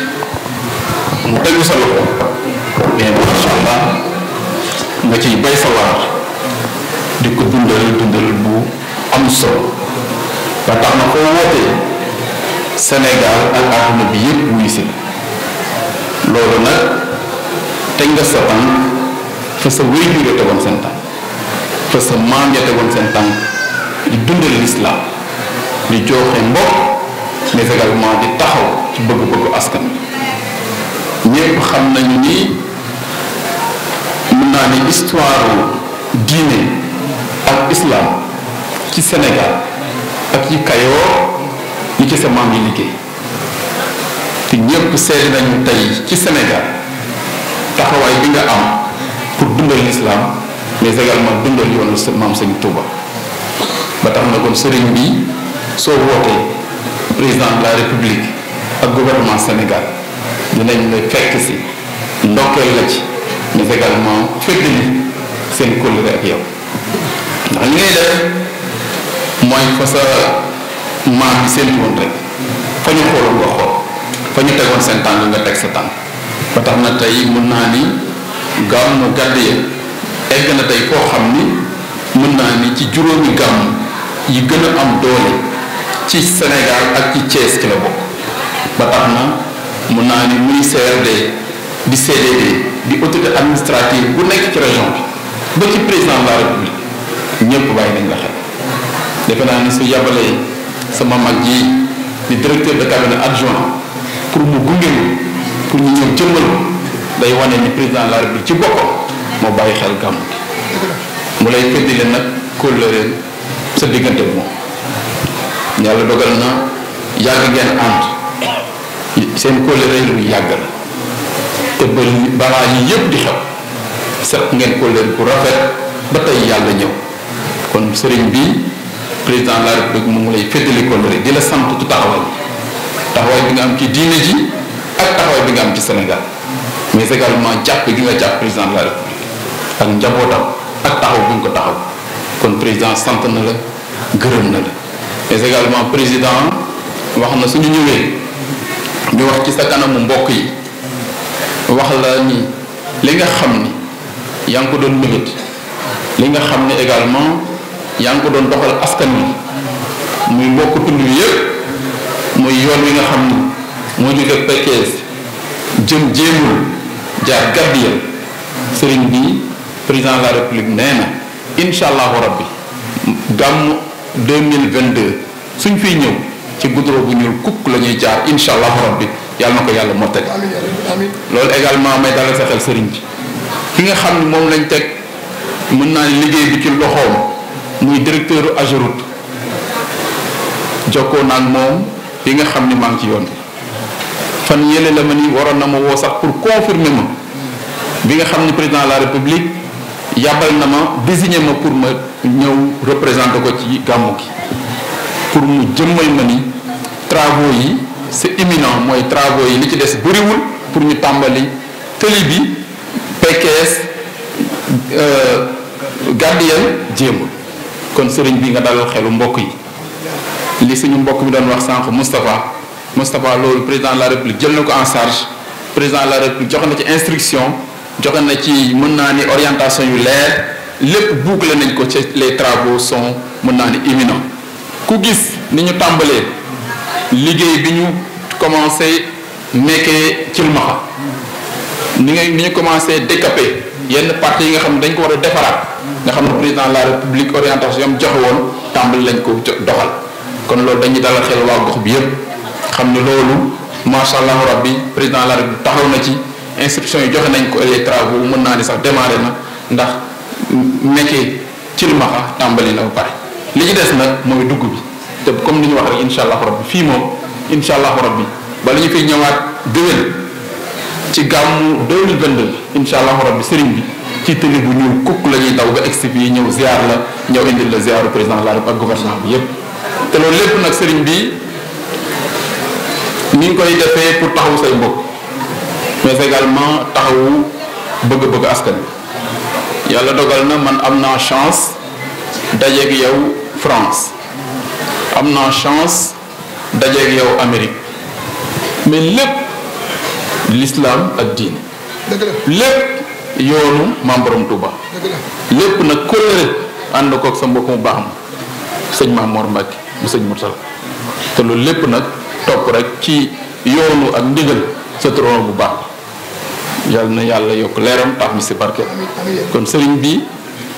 Speaker 7: mu tegu sa loxo mais macha allah nga ciy bay sa waar di ko dundal dundal bu am solo ba tax na ko wootee Sénégal ak àdduna bi yëpp wuy si loolu nag teg nga sa tànk fa sa wéyjur tegoon seen tànk fa sa maam ya tegoon seen tànk di dundal lislaam di joxe mbokk mais également di taxaw ci bëgg-bëggu askan bi xam nañu ni mën naa ne histoire diine ak islam ci Sénégal ak yi Kayoor yi ci sa maam yi liggéey te ñépp seede nañu tey ci Sénégal taxawaay bi nga am pour dundal l'islam mais également dundal yoonu sa maam Sëñ Touba ba tax na kon sëriñ bi soo wootee président de la république ak gouvernement Sénégal dinañ la fekk si ndokkeel la ci mais également fekk ni seen kóllëre ak yow ndax li ngay def mooy fa sa maam bi séntu woon rek fa ñu xooloon nga xool fa ñu tegoon seen tànk nga teg sa tànk ba tax na tey mën naa ni gàmmu gàdde ya egg na tey koo xam ni mën naa ni ci juróomi gàmm yi gën a am doole ci Sénégal ak ci Thiès ki la bokk ba tax na mën naa ni ministère de di CDD di autorité administrative bu nekk ci région bi ba ci président de la ñëpp bàyyi nañ la xel defe naa ni su yabalee sama mag ji di directeur de cabinet adjoint pour mu gunge pour mu ñëw jëmmal day wane ni président de la République ci boppam moo bàyyi xel gàmmu gi mu lay feddi leen nag kóllëreen sa diggante bi moom yàlla dogal na yàgg ngeen ànd seen kóllëre lu yàgg la te ba balaa yi yëpp di xew set ngeen kóllëre bu rafet ba tey yàlla ñëw kon sëriñ bi président de la république mu ngi lay féddali kóllëre di la sant ci taxawaay taxawaay bi nga am ci diine ji ak taxawaay bi nga am ci Sénégal mais également jàpp gi nga jàpp président de la ak njabootam ak taxaw bi nga ko taxaw kon président sant na la gërëm na la mais également président wax na suñu ñëwee ñu wax ci sa kanamu mbokk yi wax la ni li nga xam ni yaa ngi ko doon mébét li nga xam ne également yaa ngi ko doon doxal askan wi muy mbokk tund wi yëpp muy yoon wi nga xam ni moo jóge Pekes jëm jéemul jaar Gàddiya sëriñ bi président de la république nee na incha allahu rabbi gàmmu 2022 suñ fiy ñëw ci goudron bu ñuul kukk la ñuy jaar incha allahu rabbi yàlla na ko yàlla mottali loolu également may dalal sa xel sëriñ bi ki nga xam ne moom lañ teg mën naa ne liggéey bi ci loxoom muy directeur Ageroute jokkoo naa moom bi nga xam ni maa ngi ci yoon fan yële la ma ni waroon na ma woo sax pour confirmer ma bi nga xam ni président la république yàbbal na ma désigné ma pour ma ñëw représenter ko ci gàmmu gi pour mu jëmmal ma ni travaux yi c'est imminent mooy travaux yi li ci des bëriwul pour ñu tàmbali tëli bi PKS euh, gardien jéemul kon sëriñ bi nga dalal xelu mbokk yi li suñu mbokk mi doon wax sànq Moustapha Moustapha loolu président de la république jël na ko en charge président de la république joxe na ci instruction joxe na ci mën naa ni orientation yu leer lépp bouclé nañ ko ci les travaux sont mën naa ni imminents ku gis ni ñu tàmbalee liggéey bi ñu commencé mekkee cilmaxa ni nga ni ñu commencé décapé yenn parties yi nga xam ne dañ ko war a defaraat nga xam ne président de la république orientation yam joxe woon tàmbali lañ ko doxal kon loolu dañuy dalal xel waa gox bi yëpp xam ne loolu macha allah rabbi président la république taxaw na ci instruction yi joxe nañ ko les travaux mën naa ne sax démarré na ndax nekkee ci lu maxa tàmbali na ba pare li ci des nag mooy dugg bi te comme ni ñu wax rek incha allah rabbi fii moom incha allah rabbi bala ñu fi ñëwaat déwén ci gàmmu 2022 incha allah rabbi sëriñ bi. ci tëli bu ñuul kukk la ñuy daw ba egsi fii ñëw ziar la ñëw indil la ziaru président de la ak gouvernement bi yépp te loolu lépp nag sëriñ bi ni ngi koy defee pour taxawu say mbokk mais également taxawu bëgg-bëgg askan bi yàlla dogal na man am naa chance dajeeg yow France am naa chance dajeeg yow Amérique mais lépp l'islam ak diine lépp yoonu maam borom Touba lépp nag kóllëre ànd koog sa mbokk mu baax ma sëñ Mamour Mbacke mu sëñ Moussa te loolu lépp nag topp rek ci yoonu ak ndigal sa turono bu baax yàlla na yàlla yokk leeram tax mi si barke kon sëriñ bi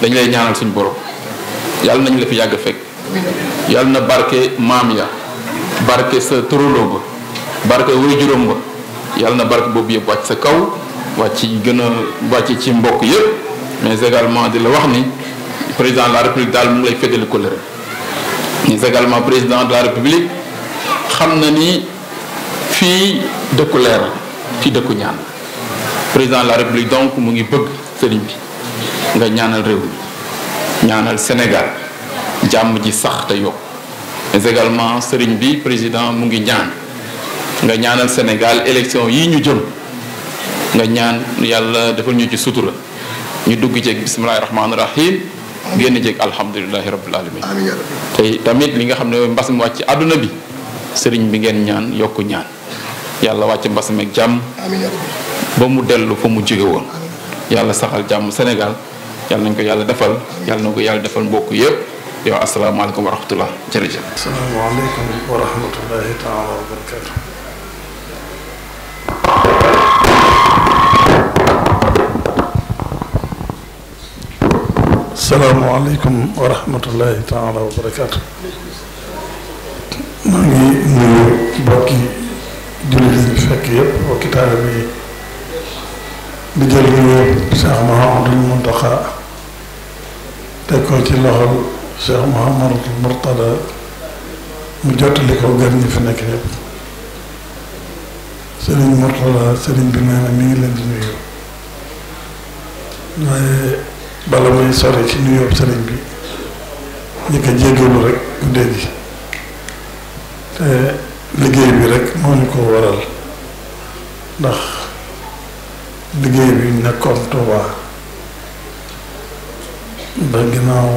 Speaker 7: dañ lay ñaanal suñu borom yàlla nañ la fi yàgg fekk yàlla na barke maam ya barke sa turandoo ba barke way juróom ba yàlla na barke boobu yëpp wàcc sa kaw wàcc gën a wàcc ci mbokk yëpp mais également di la wax ni président la république daal mu ngi lay feddali colère mais également président de la république xam na ni fii dëkku leer fii dëkku ñaan président de la république donc mu ngi bëgg sëriñ bi nga ñaanal réew mi ñaanal Sénégal jàmm ji sax te yokk mais également sëriñ bi président mu ngi ñaan nga ñaanal Sénégal élection yi ñu jëm nga ñaan yàlla defal ñu ci la ñu dugg ceeg bisimilahi rahmaani rahim génn ceeg alhamdulilahi rabil alamin tey tamit li nga xam ne mbas mi wàcc àdduna bi sëriñ bi ngeen ñaan yokk ñaan yàlla wàcc mbas meeg jàmm ba mu dellu fa mu jóge woon yàlla saxal jàmm Sénégal yàlla nañ ko yàlla defal yàlla na ko yàlla defal mbokk yëpp yow asalaamaaleykum wa rahmatullah jërëjëf
Speaker 8: asalaamaaleykum wa rahmatullahi taala wa barakaatu. maa ngi nuyu bokki jullit yi fekk yëpp bokki taalibe yi di jël nuyoo Cheikh Mouhamadul Mountakha teg ko ci loxol Cheikh Mouhamadul Mourtada mu jottali ko gan fi nekk yëpp Serigne Mourtada Serigne bi nee na mi bala muy sore ci nuyoo sëriñ bi ñu ko jéggalu rek guddee te liggéey bi rek moo ñu ko waral ndax liggéey bi nekkoon Tuubaa ndax ginnaaw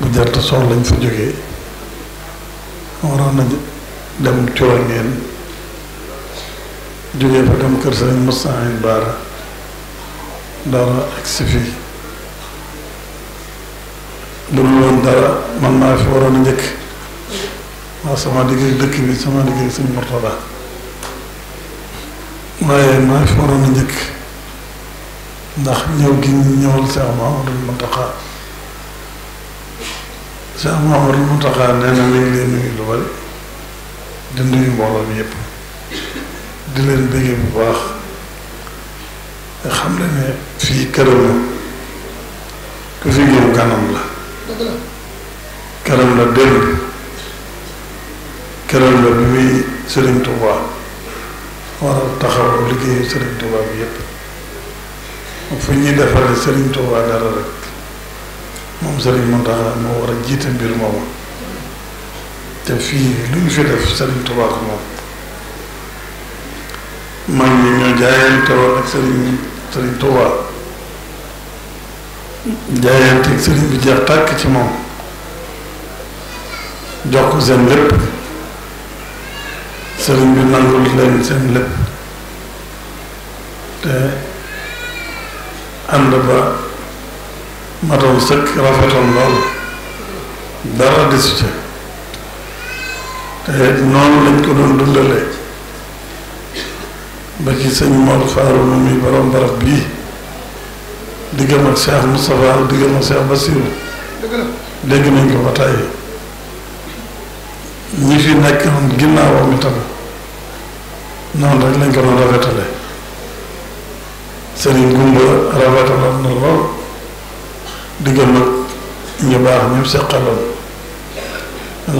Speaker 8: bu jant soxla lañ fa jógee waroon na dem cooy ngeen jógee fa dem kër sëriñ Moussa Baara dara ak si fii bu dul dara man maa fi waroon a njëkk waaw sama digg dëkk bi sama digg suñu Murtada waaye maa fi waroon a njëkk ndax ñëw gi ñu ñëwal Cheikh Mouhamadou Mountakha Cheikh Mouhamadou Mountakha nee na mi ngi lu bari di nuyu mbooloo mi di leen bëggee bu baax nga xam ne ne fii këram ku fi génn kanam la keroog la démb keroog la bi muy Sëriñ Tuubaa war a taxaw liggéeyu Sëriñ Tuubaa bi yépp fu ñuy defaree Sëriñ Tuubaa dara rek moom Sëriñ Muntaxa moo war a jiite mbir moomu te fii lu ñu fi def Sëriñ Tuubaa ko moom mag ñi ñoo jaayante woon ak Sëriñ Sëriñ Tuubaa jaayanteeg sëriñ bi jeex tàkk ci moom jox ko seen lépp sëriñ bi nangul leen seen lépp te ànd ba matoon sëkk rafetoon lool dara desu ca te noonu lañ ko doon dundale ba ci sëñ Mor Faaru mi borom barab bii diggam ak Cheikh Moustapha diggam ak Cheikh Bassirou dégg nañ ko ba tàyyi ñi fi nekk noonu ginnaawam itam noonu rek lañ ko rafetale Serigne Gumba rafetaloon na lool diggam ak ñu baax ñëpp seqaloon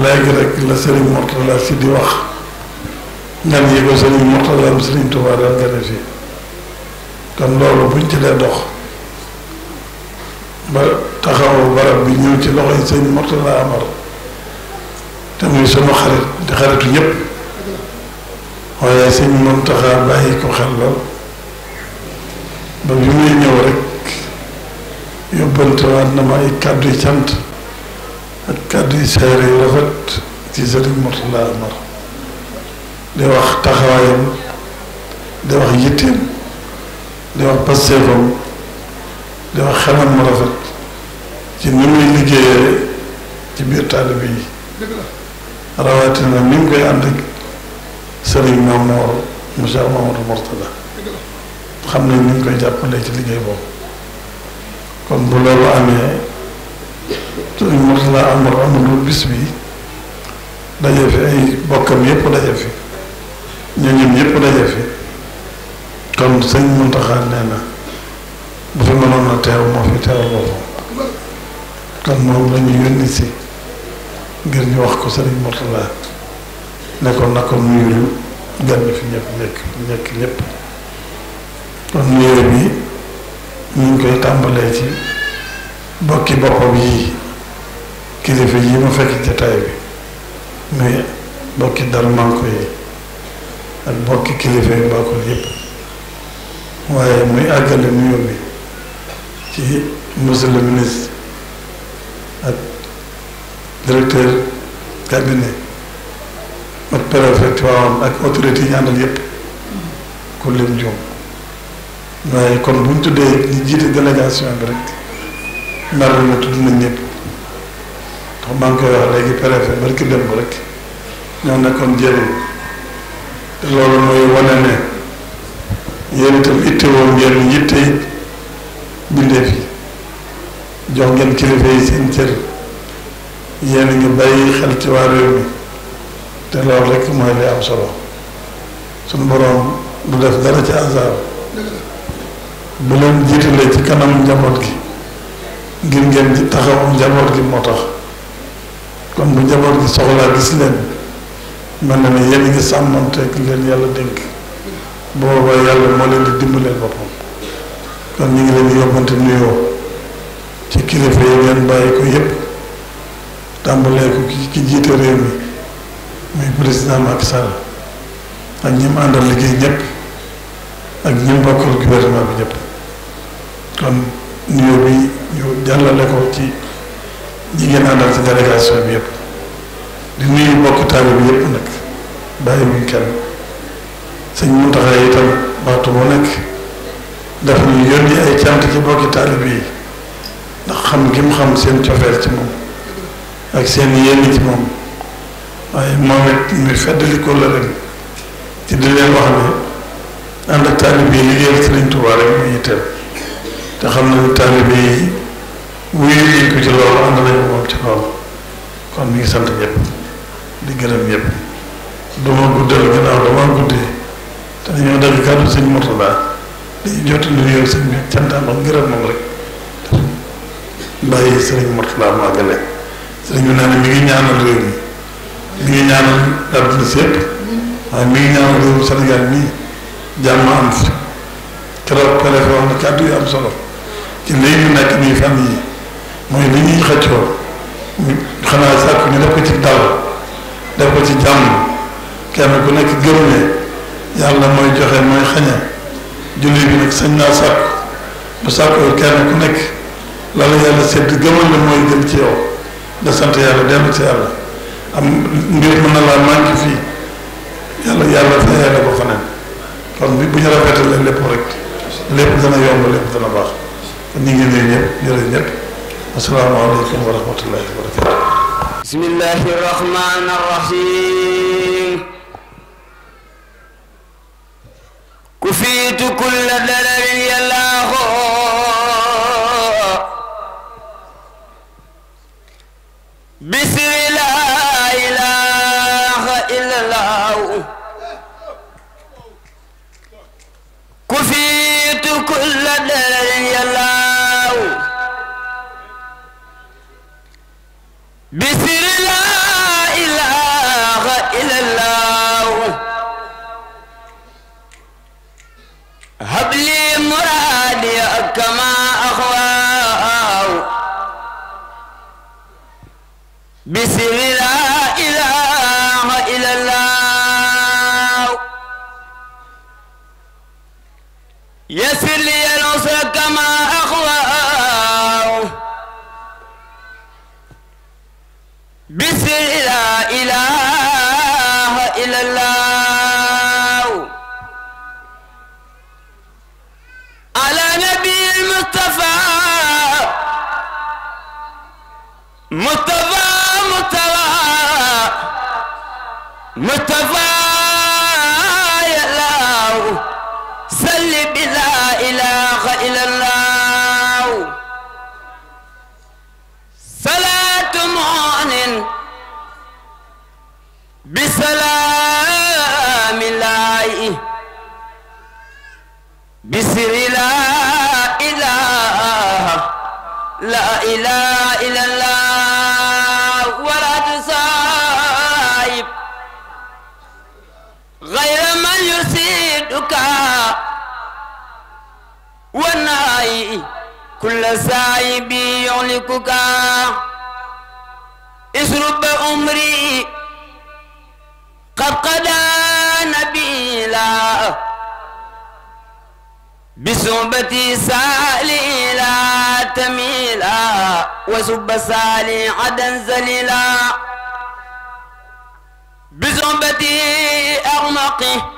Speaker 8: léegi rek la Serigne Mourtala am Serigne Touba daan gane fii kon loolu buñ ci dee dox ba taxawu barab bi ñëw ci loxo yi sëñ Mourtala Amar te muy sunu xarit di xaritu ñëpp waaye sëñ Mountakha bàyyi ko xel lool ba bi muy ñëw rek yóbbantewaat na ma ay kàddu yu cant ak kàddu yu seere yu rafet ci sëriñ Mourtala Amar di wax taxawaayam di wax yitteem di wax passeefam dafa xamal ma rafet ci ni muy liggéeyee ci biir taalibe yi rawatina ni mu koy ànd ak sëriñ Mamoor mu Cheikh Mamadou Mourtada xam mu koy jàppalee ci liggéey boobu kon bu loolu amee sëriñ Mourtada amul amul bis bi daje fi ay bokkam yépp daje fi ñooñu ñëpp daje fi kon sëñ Mountakha nee na bu fi mënoon na teew moo fi teewal boppam kon moom la yónni si ngir ñu wax ko Serigne Mourtala ne ko na ko nuyul gan ñi fi ñëpp nekk nekk ñëpp kon nuyoo bi ñu koy tàmbalee ci bokki boppam yii kilifa yi ma fekk jataay bi muy bokki dara manko yi ak bokki kilifa yi mbaa ko yëpp waaye muy àggale nuyoo bi. ci monsieur le ministre ak directeur cabinet ak préfet waawam ak autorité ñu àndal yépp ku lim juum waaye kon bu ñu tuddee ñi jiite délégation bi rek nar na tudd nañ ñëpp ndax maa ngi koy wax léegi préfet barki dem bu rek ñoo nekkoon jëriñ te loolu mooy wane ne yéen itam itte woon ngeen yitte bindee fi jox ngeen kilifa yi seen cër yéen a ngi bàyyi xel ci waa réew mi te loolu rek mooy li am solo suñu boroom du def dara ci hasard bu leen jiitalee ci kanam njaboot gi ngir ngeen taxaw njaboot gi moo tax kon bu njaboot gi soxlaa gis leen mel na ni yéen a ngi sàmmanteeg leen yàlla dénk booba yàlla moo leen di dimbaleel boppam kon ñu ngi leen di yóbbante ci kilifa yi ngeen bàyyi ko yépp tàmbalee ko ki ki jiite réew mi muy président Macky Sall ak ñi àndal liggéey ñëpp ak ñi mu bokkal bi ñëpp kon nuyoo bi ñu jàllale ko ci ñi ngeen àndal ci délégation bi yëpp di nuyu bokk taalibe bi yëpp bàyyi wuñ kenn sëñ Mountakha itam waxtu bu nekk. daf ñu yónni ay cant ci bokki taalibe yi ndax xam gi mu xam seen cofeel ci moom ak seen yéene ci moom waaye moom it muy feddali ko la rek ci di leen wax ne ànd ak taalibe yi liggéeyal Sëriñ Tuubaa rek muy itteel xam na ne taalibe yi wuyu yi ko moom ci kon mi ngi sant ñëpp di gërëm ñëpp du ma guddal gannaaw dama guddee te dañoo dagg kàddu sëñ Murtada di jot lu yow sëñ bi cantaam ak ngërëm moom mu ngi ñaanal réew mi mi ngi ñaanal àdduna si yëpp waaye mi ngi am fi na kàddu yu am solo ci lii ñu nekk nii fan yii mooy li ñuy xëccoo xanaa sàkk ñu def ko ci dal def ko ci jàmm kenn ku nekk gëm ne yàlla mooy joxe mooy xañe julli bi nag sañ naa sàkku bu sàkkoo kenn ku nekk la la yàlla sedd gëmal la mooy gën ci yow nga sant yàlla dellu ci yàlla am mbir mën na laa manqué fii yàlla yàlla fa yàlla ko faneen kon bu ñu rafetalee lépp rek lépp dana yomb lépp dana baax ñu ngi nuyu ñëpp jërëjëf ñëpp asalaamaaleykum wa rahmatullahi wa barakatu
Speaker 9: bismillahi rahmaani كفيت كل دلل يلاه بسر لا إله إلا الله كفيت كل دلل يلاه بسر لا كما أخواه بسر لا إله إلا الله يسر لي Mustafa Mustafa Mustafa ya law salli bi la ilaha illallah salatu mu'min bi salami lahi bi sirri la ilaha la ilaha illallah البكاء والناي كل سايب يهلكك اسرب عمري قد قدا نبيلا بصحبتي سالي لا تميلا وسب سالي عدا زليلا بصحبتي أغمقي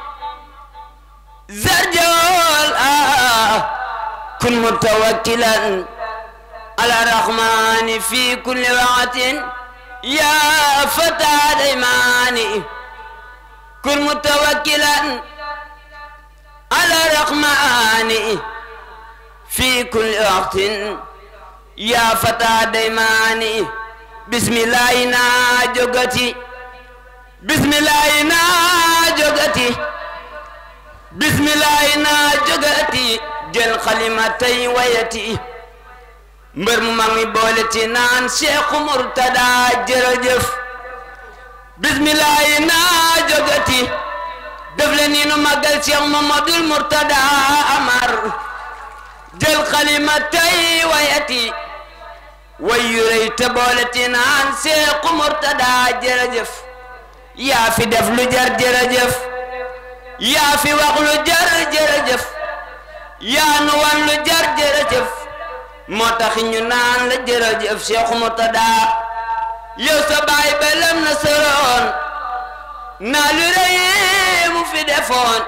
Speaker 9: زرجول آه كن متوكلا على الرحمن في كل وقت يا فتى الإيمان كن متوكلا على الرحمن في كل وقت يا فتى ديماني بسم الله ناجوغتي بسم الله ناجوغتي bismillaahi naa jógati jël xalima wayati mbër mu mag mi boole ci naan Cheikhu Murtada jërëjëf bismillaahi naa jógati def le nii nu màggal Cheikh Mamadul Murtada Amar wayati wayu rëy te boole ci naan Cheikhu Murtada yaa fi def lu jar jërëjëf yaa fi wax lu jar jërëjëf yaa nu lu jar jërëjëf moo tax ñu naan la jërëjëf Cheikh Moutada yow sa baay belam na soroon naa lu rëy mu fi defoon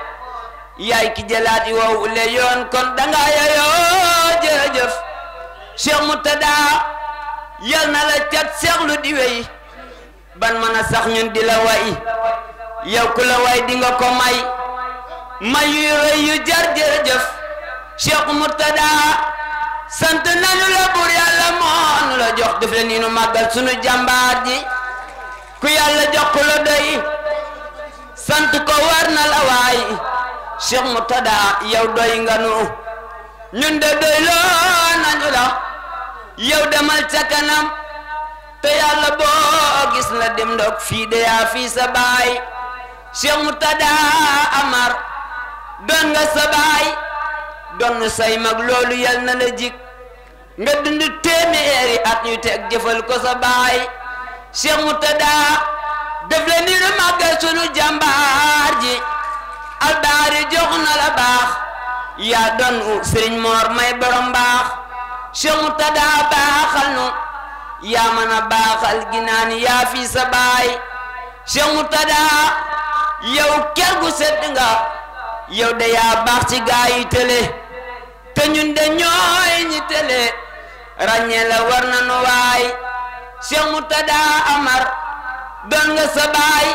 Speaker 9: yaay ki jëlaat wow le yoon kon danga yayoo jërëjëf Cheikh Moutada yal na la cat seexlu di wey ban mën a sax ñun di la way yow ku la way di ko may may yu rëy yu jar jërëjëf Cheikh Murtada sant nañu la buur yàlla moonu la jox def la nii nu sunu jàmbaar ji ku yàlla jox ku la doy sant ko war na la waay Cheikh Murtada yow doy nga nu ñun de doy loo nañu la yow demal ca kanam te yàlla boo gis la dem ndox fii de fii sa baay Cheikh Amar doon nga sa baay doon say mag loolu yal na la jik nga dund téeméeri at yu teg jëfal ko sa baay Cheikh Moutada def la niru màggal sunu jàmbaar ji albaari jox na la baax yaa doon sëriñ moor may borom baax Cheikh Moutada baaxal yaa mën a baaxal ginaan yaa fi sa baay Cheikh Moutada ker gu sedd nga yow de yaa baax ci gaa yi télé te ñun de ñooy ñi télé ràññee la war nanu waay Cheikh Moutada Amar doon nga sa baay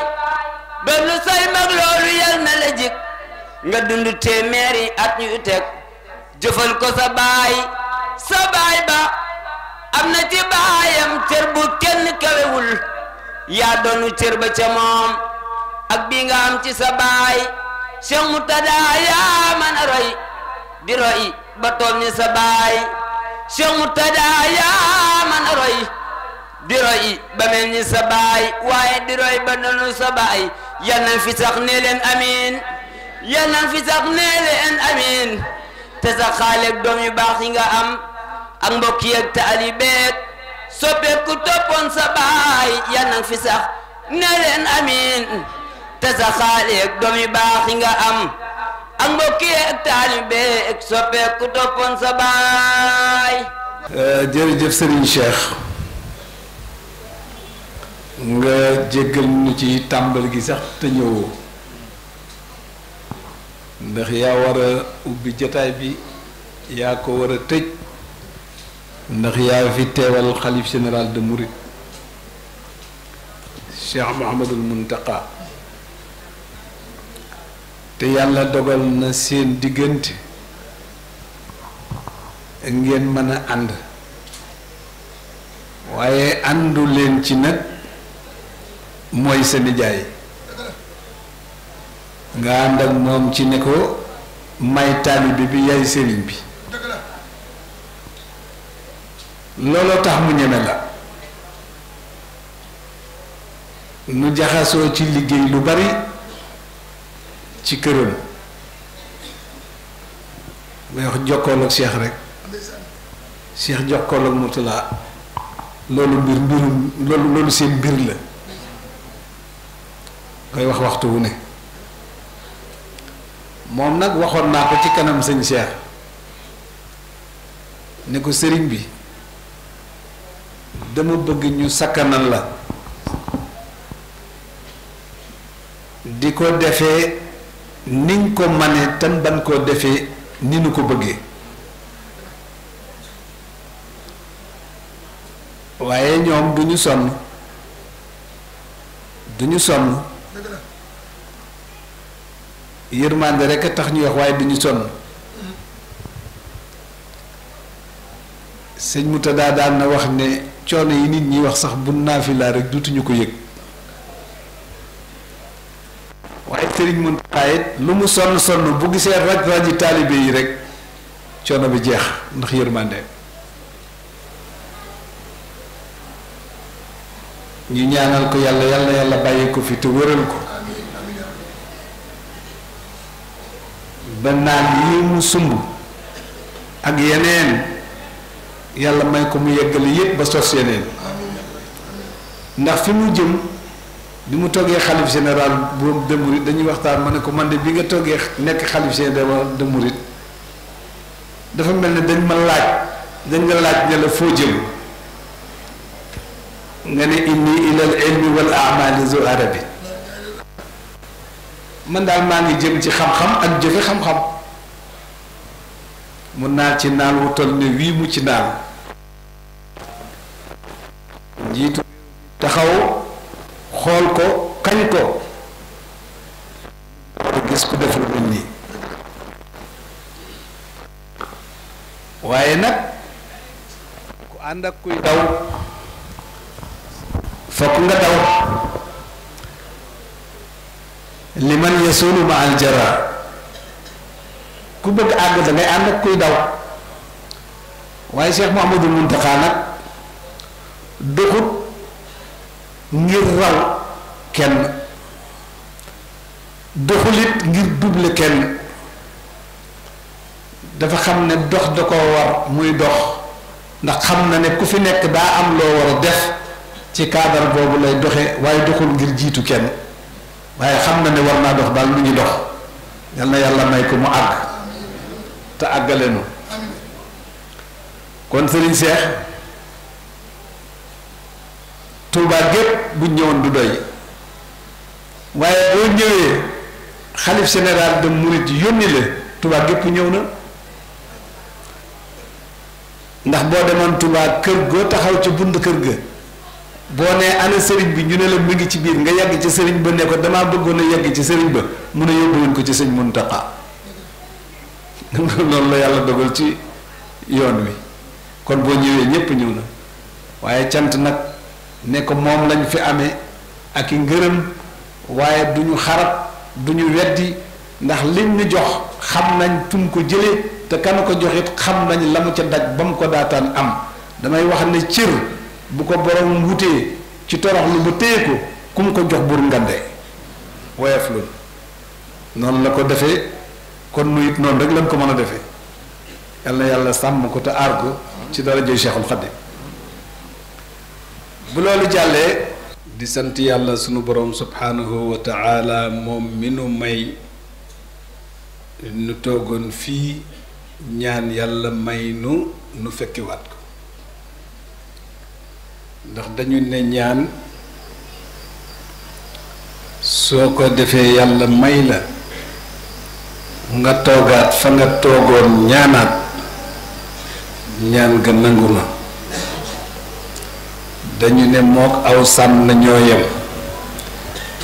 Speaker 9: ba lu say mag loolu yal na la jik nga dund téeméeri at ñu teg jëfal ko sa baay sa baay ba am na ci baayam cër bu kenn kawewul yaa doonu cër ba ca moom ak bi nga am ci sa baay Cheikh Murtada yaa man a roy di roy ba toll ni sa baay Cheikh yaa man a roy di roy ba mel ni sa waaye di roy ba nonu sa baay yal nañ fi amiin yal nañ fi sax amiin te sa doom yu baax nga am ak mbokk yeeg taalibeeg soppeeku toppoon sa baay yal nañ fi amiin te sa xaaleeg doomi baax yi nga am ak mbokki ak taalibe ak soppeeku toppoon sa baay
Speaker 10: euh, jërëjëf Serigne Cheikh nga jéggal nu ci tàmbal gi sax te ñëwoo ndax yaa war a ubbi jataay bi yaa ko war a tëj ndax yaa fi teewal xalif général de Mouride Cheikh Mouhamadul Mountakha te yàlla dogal na seen diggante ngeen mën a ànd waaye àndu leen ci nag mooy sa nijaay nga ànd ak moom ci ne ko may taalibe bi yaay sëriñ bi looloo tax mu ñeme la nu jaxasoo ci liggéey lu bari ci këram may wax jokkoon ak Cheikh rek Cheikh jokkoon ak Moutala loolu mbir mbirum loolu loolu seen mbir la koy wax waxtu wu ne moom nag waxoon naa ko ci kanam sëñ Cheikh ne ko sëriñ bi dama bëgg ñu sakkanal la di ko defee niñ ko mane tam ban koo defee ni nu ko bëggee waaye ñoom du ñu sonn du ñu sonn yërmande rek a tax ñuy wax waaye du ñu sonn sëñ Moutada daan na wax ne coono yi nit ñi wax sax bu naafilaa rek duutuñu ko yëg waaye sëriñ Muntaxa it lu mu sonn sonn bu gisee raj raji taalibe yi rek coono bi jeex ndax yërmande ñu ñaanal ko yàlla yàlla yàlla bàyyi ko fi te wëral ko ba naan yi mu sumb ak yeneen yàlla may ko mu yeggale yépp ba sos yeneen ndax fi mu jëm bi mu toggee xalif général bu de Mouride dañuy waxtaan ma ne ko man de bi nga toggee nekk xalif général de Mouride dafa mel ne dañ ma laaj dañ la laaj ne foo jëm nga ne inni ilal ilmi wal amali zo arabi man daal maa ngi jëm ci xam ak jëfe xam-xam mu ci naal wu toll ne wii mu ci naal njiitu taxaw xool ko kañ ko gis ku def lu mel nii waaye nag ku ànd ak kuy daw fokk nga daw li man yasulu ma aljara ku bëgg àgg da ànd ak kuy daw waaye Cheikh Mouhamadul Muntaxa nag duxut ngir raw kenn doxulit ngir double kenn dafa xam ne dox da koo war muy dox ndax xam na ne ku fi nekk daa am loo war a def ci cadre boobu lay doxe waaye doxul ngir jiitu kenn waaye xam na ne war naa dox daal lu ñu dox yal yàlla may ko mu àgg te àggale kon Serigne Cheikh Touba gépp bu ñëwoon du doy waaye boo ñëwee xalif général de Mouride yónni la Touba gépp ñëw na ndax boo demoon Touba kër goo taxaw ca bunt kër ga boo nee ana sëriñ bi ñu ne la mu ngi ci biir nga yàgg ci sëriñ ba ne ko damaa bëggoon a yàgg ci sëriñ ba mun a yóbbu leen ko ci sëñ Muntaqa loolu la yàlla dogal ci yoon wi kon boo ñëwee ñépp ñëw na waaye cant nag. ne ko moom lañ fi amee ak i ngërëm waaye duñu xarab duñu weddi ndax liñ nu jox xam nañ tum ko jëlee te kan ko joxit xam nañ la mu ca daj ba mu ko daataan am damay wax ne cër bu ko borom wutee ci toroxlu ba téye ko ku mu ko jox bur ngande woyof loolu noonu la ko defee kon nu it noonu rek lañ ko mën a defee yal na yàlla sàmm ko te aar ci dara jëy Cheikhul bu loolu jàllee di sant yàlla sunu boroom subhaanahu wa moom mi nu may nu toogoon fii ñaan yàlla may nu nu fekkiwaat ko ndax dañu ne ñaan soo ko defee yàlla may la nga toogaat fa nga toogoon ñaanaat ñaan ga nangu na dañu ne mook aw sànn ñoo yem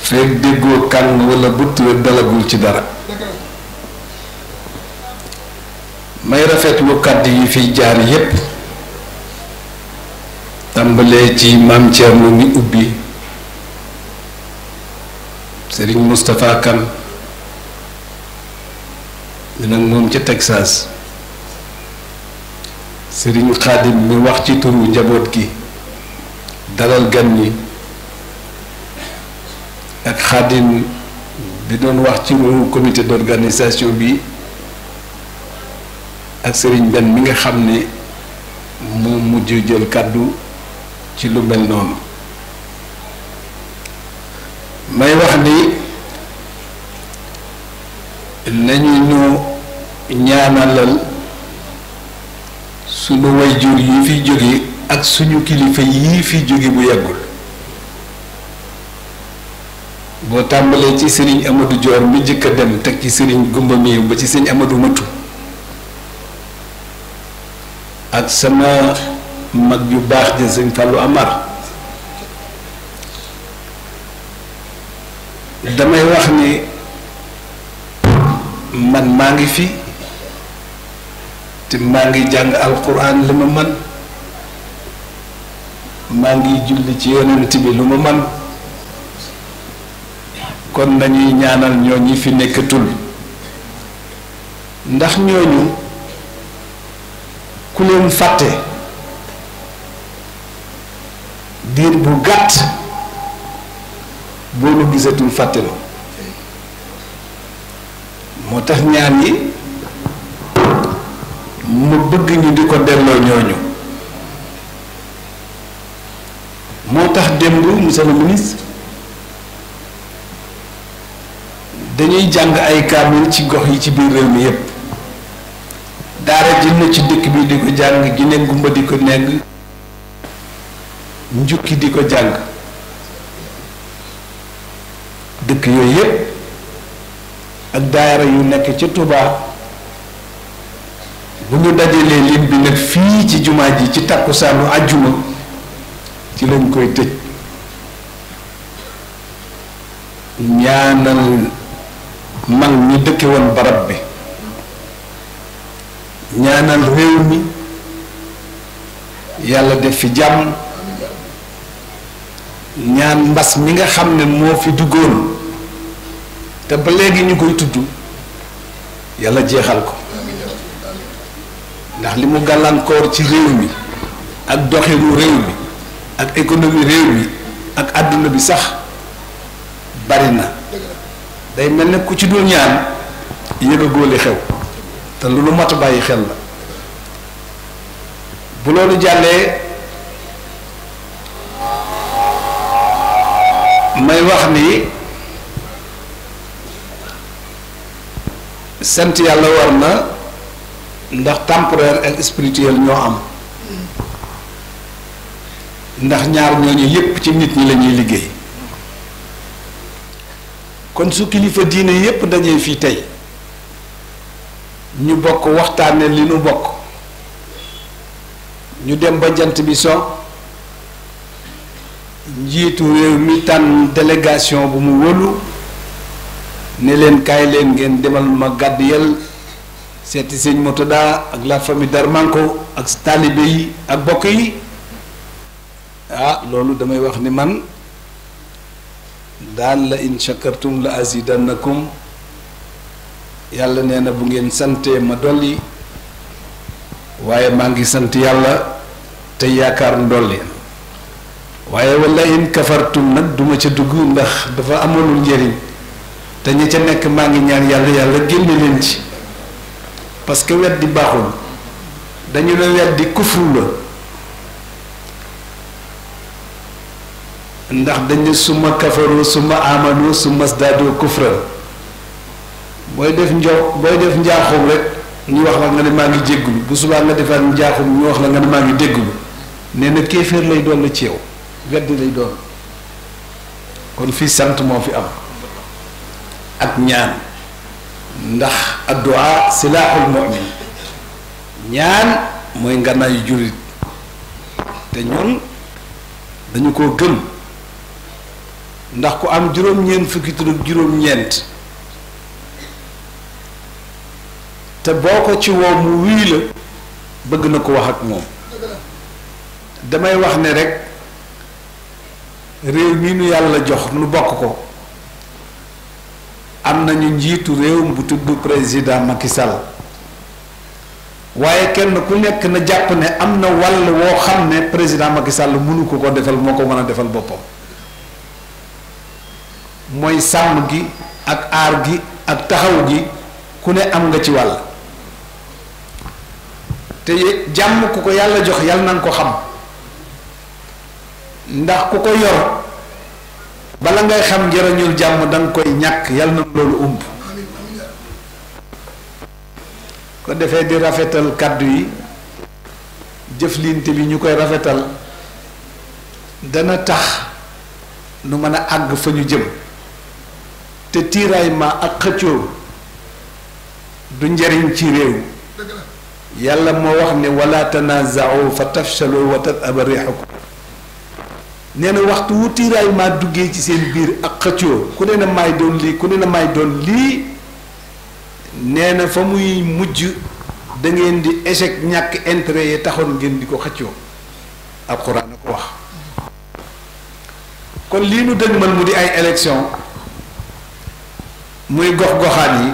Speaker 10: fekk déggoo kàng wala butt dalagul ci dara may rafetlu kàddu yi fiy jaar yépp tàmbalee ci maam Thierno mi ubbi Serigne Moustapha Kane nag moom ca Texas Serigne Khadim mi wax ci turu njaboot gi dalal gan ñi ak xaadim bi doon wax ci loolu comité d'organisation bi ak sëriñ benn mi nga xam ne moo mujj jël kàddu ci lu mel noonu may wax ni nañu ñu ñaanalal sunu way jur yi fi jóge ak suñu kilifa yii fi jóge bu yàggul boo tàmbalee ci sëriñ amatu Dior mi njëkk a dem teg ci sëriñ Gumba Miyew ba ci sëriñ amatu Matu ak sama mag yu baax ja sëriñ Fallou Amar damay wax ni man maa ngi fi te maa ngi jàng alquran li ma man maa ngi julli ci yonent bi lu ma man kon nañuy ñaanal ñoo ñi fi nekkatul ndax ñooñu ku leen fàtte diir bu gàtt boo lu gisatul fàtte la moo tax ñaan yi mu bëgg ñu di ko delloo ñooñu moo tax démb mu le ministre dañuy jàng ay kaamil ci gox yi ci biir réew mi yépp daara jënd ci dëkk bi di ko jàng gi ne gumba di ko neng njukki di ko jàng dëkk yooyu yépp ak daara yu nekk ci Touba bu ñu dajalee lim bi nag fii ci jumaa ji ci takkusaanu àjjuma ci lañ koy tëj ñaanal mag ñi dëkke woon barab bi ñaanal réew mi yàlla def fi jàmm ñaan mbas mi nga xam ne moo fi duggoon te ba léegi ñu koy tudd yàlla jeexal ko ndax li mu gàllankoor ci réew mi ak doxinu réew mi ak économie réew bi ak àdduna bi sax bari na day mel ni ku ci dul ñaan yëg a góoli xew te lu lu mat a bàyyi xel la bu loolu jàllee may wax ni sant yàlla war na ndax temporaire ak spirituel ñoo am ndax ñaar ñooñu yépp ci nit ñi lañuy liggéey kon su kilifa diine yépp dañuy fii tey ñu bokk waxtaane li nu bokk ñu dem ba jant bi so njiitu réew mi tànn délégation bu mu wóolu ne leen kaay leen ngeen demal ma gàdd yel seeti sëñ Motoda ak la famille Darmanko ak taalibe yi ak bokk yi ah loolu damay wax ni man daal la in shakartum la azidannakum yàlla nee na bu ngeen santee ma dolli waaye maa ngi sant yàlla te yaakaar ndolli waaye wala in kafartum nag duma ca dugg ndax dafa amalul njëriñ te ñi ca nekk maa ngi ñaan yàlla yàlla génne leen ci parce que weddi baaxul dañu la weddi kufru la ndax dañu suma kafaru suma amanu suma sdadu kufran booy def njaw booy def njaaxum rek ñu wax la nga ne maa ngi jéggulu bu subaa nga defaat njaaxum ñu wax ne maa ngi déggulu nee na kéeféer lay doon la ci yow wedd lay doon kon fii sant moo fi am ak ñaan ndax addu'a silaaxul mu'min ñaan mooy nganaayu jullit te ñun dañu ko gën ndax ku am juróom-ñeent fukki juróom-ñeent te boo ko ci woo mu wii la bëgg na ko wax ak moom damay wax ne rekk réew mi nu yàlla jox nu bokk ko am nañu njiitu réewam bu président Macky waaye kenn ku nekk na jàpp ne am na wàll woo xam ne président Macky Sall mënu ko ko defal moo ko mën a defal boppam mooy sàmm gi ak aar gi ak taxaw gi ku ne am nga ci wàll te jàmm ku ko yàlla jox yàlla na nga ko xam ndax ku ko yor bala ngay xam njëriñul jàmm da koy ñàkk yàlla na loolu umb ko defee di rafetal kàddu yi jëflinte bi ñu koy rafetal dana tax nu mën a àgg fa ñu jëm te tiraillement ak xëccoo du njariñ ci réew yàlla moo wax ne wala tanaaza'u fa tafshalu wa tadhhaba riihukum nee na waxtu wu tiraillement duggee ci seen biir ak xëccoo ku ne na maay doon lii ku ne na maay doon lii nee na fa muy mujj da ngeen di échec ñàkk intérêt yi taxoon ngeen di ko xëccoo alxuraan na ko wax kon lii nu dëgmal mu di ay élection muy gox goxaan yi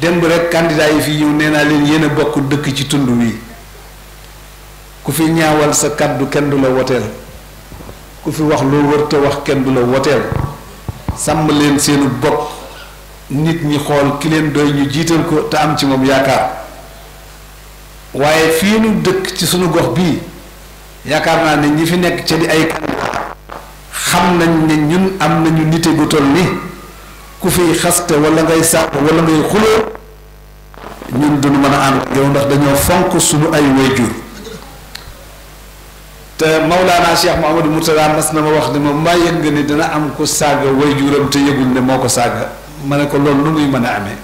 Speaker 10: démb rek candidat yi fi ñëw nee naa leen yéen a bokk dëkk ci tund wi ku fi ñaawal sa kàddu kenn du la woteel ku fi wax loo wër wax kenn du la woteel sàmm leen seenu bokk nit ñi xool ki leen doy ñu jiital ko te am ci moom yaakaar waaye fii nu dëkk ci suñu gox bii yaakaar naa ne ñi fi nekk ca di ay candidat xam nañ ni ñun am nañu nit gu toll ni ku fi xaste wala ngay sàpp wala ngay xuloo ñun duñu mën a ànd yow ndax dañoo fonk suñu ay wayjur te Maulana Cheikh Mouhamadou Mourtada mas na ma wax ne ma mbaa yëg ni dina am ko saaga wayjuram te yëgul ne moo ko saaga ma ne ko loolu nu muy mën a amee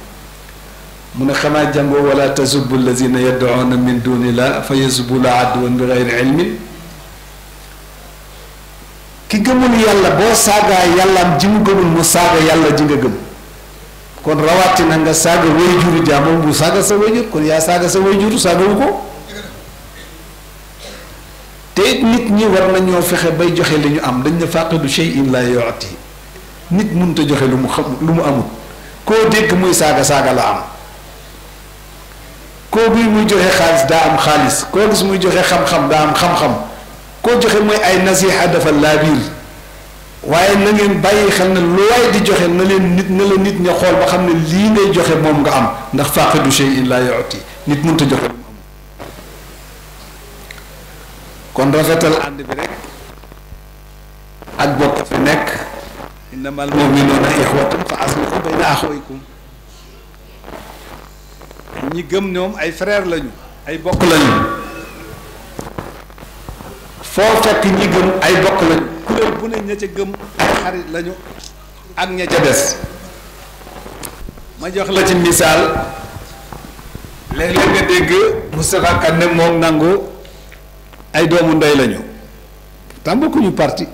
Speaker 10: mu ne xanaa jàngoo wala tasubu allazina yad'una min dunillah fa bi gayri ilmin ki gëmul yàlla boo saagaa yàllaam ji mu gëmul mu saaga yàlla ji nga gëm kon rawatina nga saaga wayjuru jaamoom bu saaga sa wayjur kon saaga sa wayjur saagawu ko te nit ñi war nañoo fexe bay joxe li ñu am dañ ne fàqidu shay'in la yu'ti nit mënut a joxe lu mu xam lu mu amul koo dégg muy saaga saaga la am koo bii muy joxe xaalis daa am xaalis koo gis muy joxe xam-xam daa am xam-xam. koo joxe mooy ay nasiha dafa laabiir waaye na ngeen bàyyi xel na lu waay di joxe na leen nit na la nit ña xool ba xam ne lii ngay joxe moom nga am ndax faaqidu shay'in laa yu'ti nit mënta joxe kon rafetal ànd bi rek ak bokk fi nekk innamal mu'minuuna ixwatun ñi gëm ñoom ay frère lañu ay bokk lañu foo fekk ñi gëm ay bokk lañ kuréel bu ne ña gëm ay xarit lañu ak ña ca des ma jox la ci misaal léeg-léeg nga dégg Moustapha Kane moom nangu ay doomu ndey lañu tam bokkuñu parti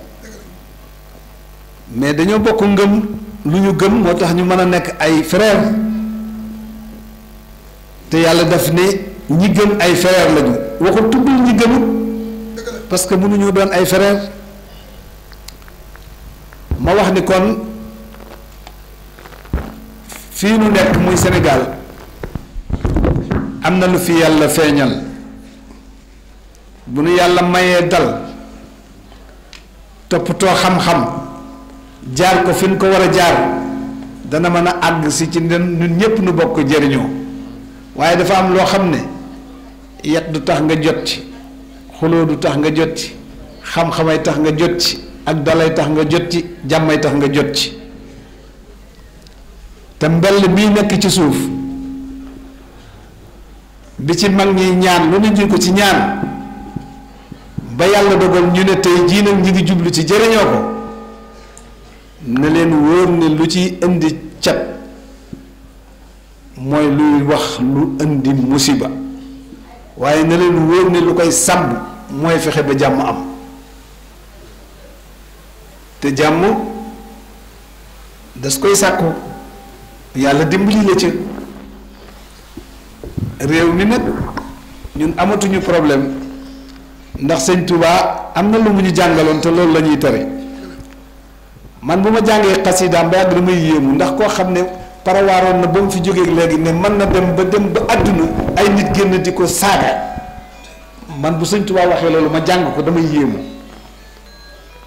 Speaker 10: mais dañoo bokk ngëm lu ñu gëm moo tax ñu mën a nekk ay frère te yàlla daf ne ñi gëm ay frère lañu waxu tuddul ñi gëmut parce que mënuñu doon ay frères ma wax ni kon fii nu nekk muy Sénégal am na lu fi yàlla feeñal bu nu yàlla mayee dal toppatoo xam-xam jaar ko fi nu ko war a jaar dana mën a àgg si ci nen ñun ñépp nu bokk jëriñoo waaye dafa am loo xam ne yet du tax nga jot ci xuloo du tax nga jot ci xam ay tax nga jot ci ak dalay tax nga jot ci jàmmay tax nga jot ci te mbell bii nekk ci suuf bi ci mag ñi ñaan lu ne ñu ko ci ñaan ba yàlla dogal ñu ne tey jii nag ñu jublu ci jëriñoo ko na leen wóor ne lu ci indi cat mooy luy wax lu indi musiba waaye na leen wóor ne lu koy sàmm mooy fexe ba jàmm am te jàmm das koy sàkku yàlla dimbali la ci réew mi nag ñun amatuñu problème ndax sëñ Touba am na lu mu ñu jàngaloon te loolu la ñuy tere man bu ma jàngee xas xasidaam ba yàgg damay yéemu ndax koo xam ne parawaaroon na ba mu fi jógee léegi ne mën na dem ba dem ba àdduna ay nit génn di ko saaga man bu sëñ Tuubaa waxee loolu ma jàng ko damay yéemu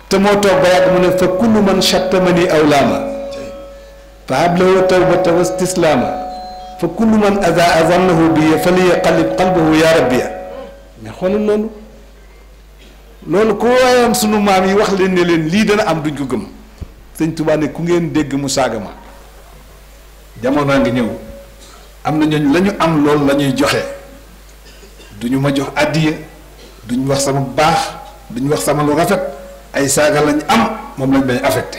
Speaker 10: te moo toog ba yàgg mu ne fa kullu man chattamani awlaama fa hablahu tawbata wa istislaama fa kullu man aza azannahu bi rabbiya mais xoolal loolu loolu ku wayoon sunu maam yi wax leen ne leen lii dana am duñ ko gëm sëñ Tuubaa ne ku ngeen dégg mu saaga ma jamono ngi ñëw am na ñooñu lañu am lool la ñuy joxe du ñu ma jox àddiya duñ wax sama baax ñu wax sama lu rafet ay saaga lañu am moom lañ may affecté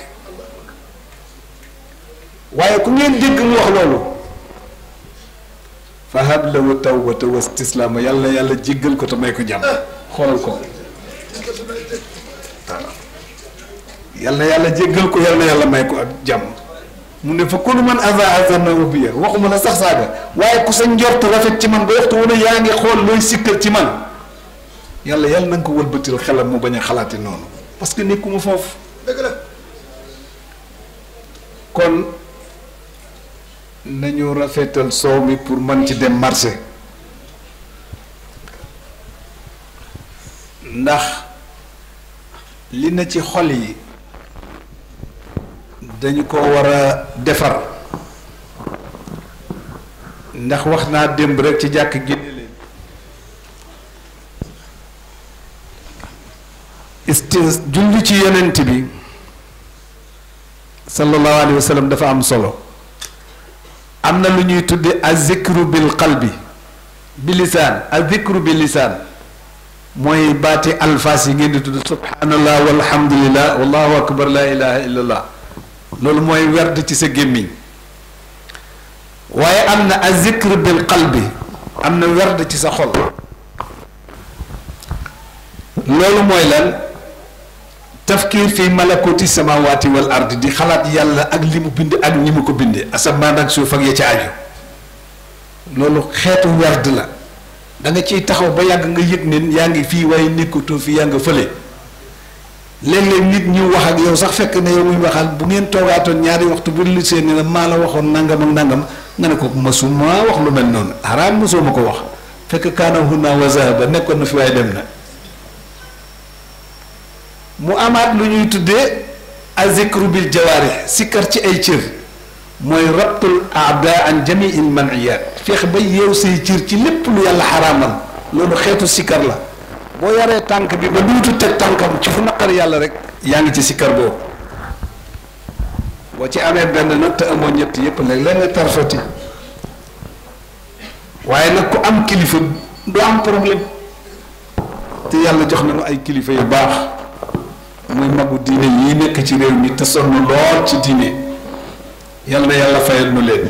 Speaker 10: waaye ku ngeen dégg mu wax loolu fa hab lahu tawbata wa istislaama yàlla yàlla jéggal ko te may ko jàmm xoolal ko yàlla yàlla jéggal ko yàlla yàlla may ko ak jàmm mu ne fa kunu man aza aza na ubiya waxuma la sax saaga waaye ku sa njort rafet ci man ba waxtu wala yaa ngi xool looy sikkal ci man yàlla yàlla na nga ko wëlbatil xelam mu bañ a xalaati noonu parce que nekkuma foofu dëgg la kon nañu rafetal soow mi pour man ci dem marché ndax li na ci xol yi dañu ko war a defar ndax wax naa démb rek ci jàkk génne leen isti julli ci yonent bi sallallahu alayhi wa dafa am solo am na lu ñuy tudde azikru bil qalbi bi lisaan azikru bi lisaan mooy baati alfaas yi ngeen di tudd subhanallah walhamdulillah wallahu akbar la ilaha illallah loolu mooy werd ci sa gémmiñ waaye am na azikr bil bi am na werd ci sa xol loolu mooy lan tafkiir fi malakuti samawati wal ardi di xalaat yàlla ak li mu bind ak ñi mu ko bindee asamaan ak suuf ak ya ca aju loolu xeetu werd la danga ciy taxaw ba yàgg nga yëg nen yaa ngi fii waaye nekkatoo fi yaa nga fële léeg nit ñu wax ak yow sax fekk ne yow muy waxal bu ngeen toogaatoon ñaari waxtu bu lu seen la maa la waxoon nangam ak nga ne ko masuma wax lu mel noonu araam masoo ma ko wax fekk kaana hunna wa ba nekkoon na fi waaye dem na mu amaat lu ñuy tuddee azikru bil jawaarih sikkar ci ay cër mooy rabtul aada an jamii il maniyat feex ba yeew say cër ci lépp lu yàlla xaraamal loolu xeetu sikkar la boo yaree tànk bi ba duutu teg tànkam ci fu naqar yàlla rek yaa ngi ci sikkar boobu boo ci amee benn nag te amoo ñett yépp léeg-léeg nga waaye nag ku am kilifa du am problème te yàlla jox nañu ay kilifa yu baax muy magu diine yi nekk ci réew mi te sonn lool ci diine yàlla na yàlla fayal nu leen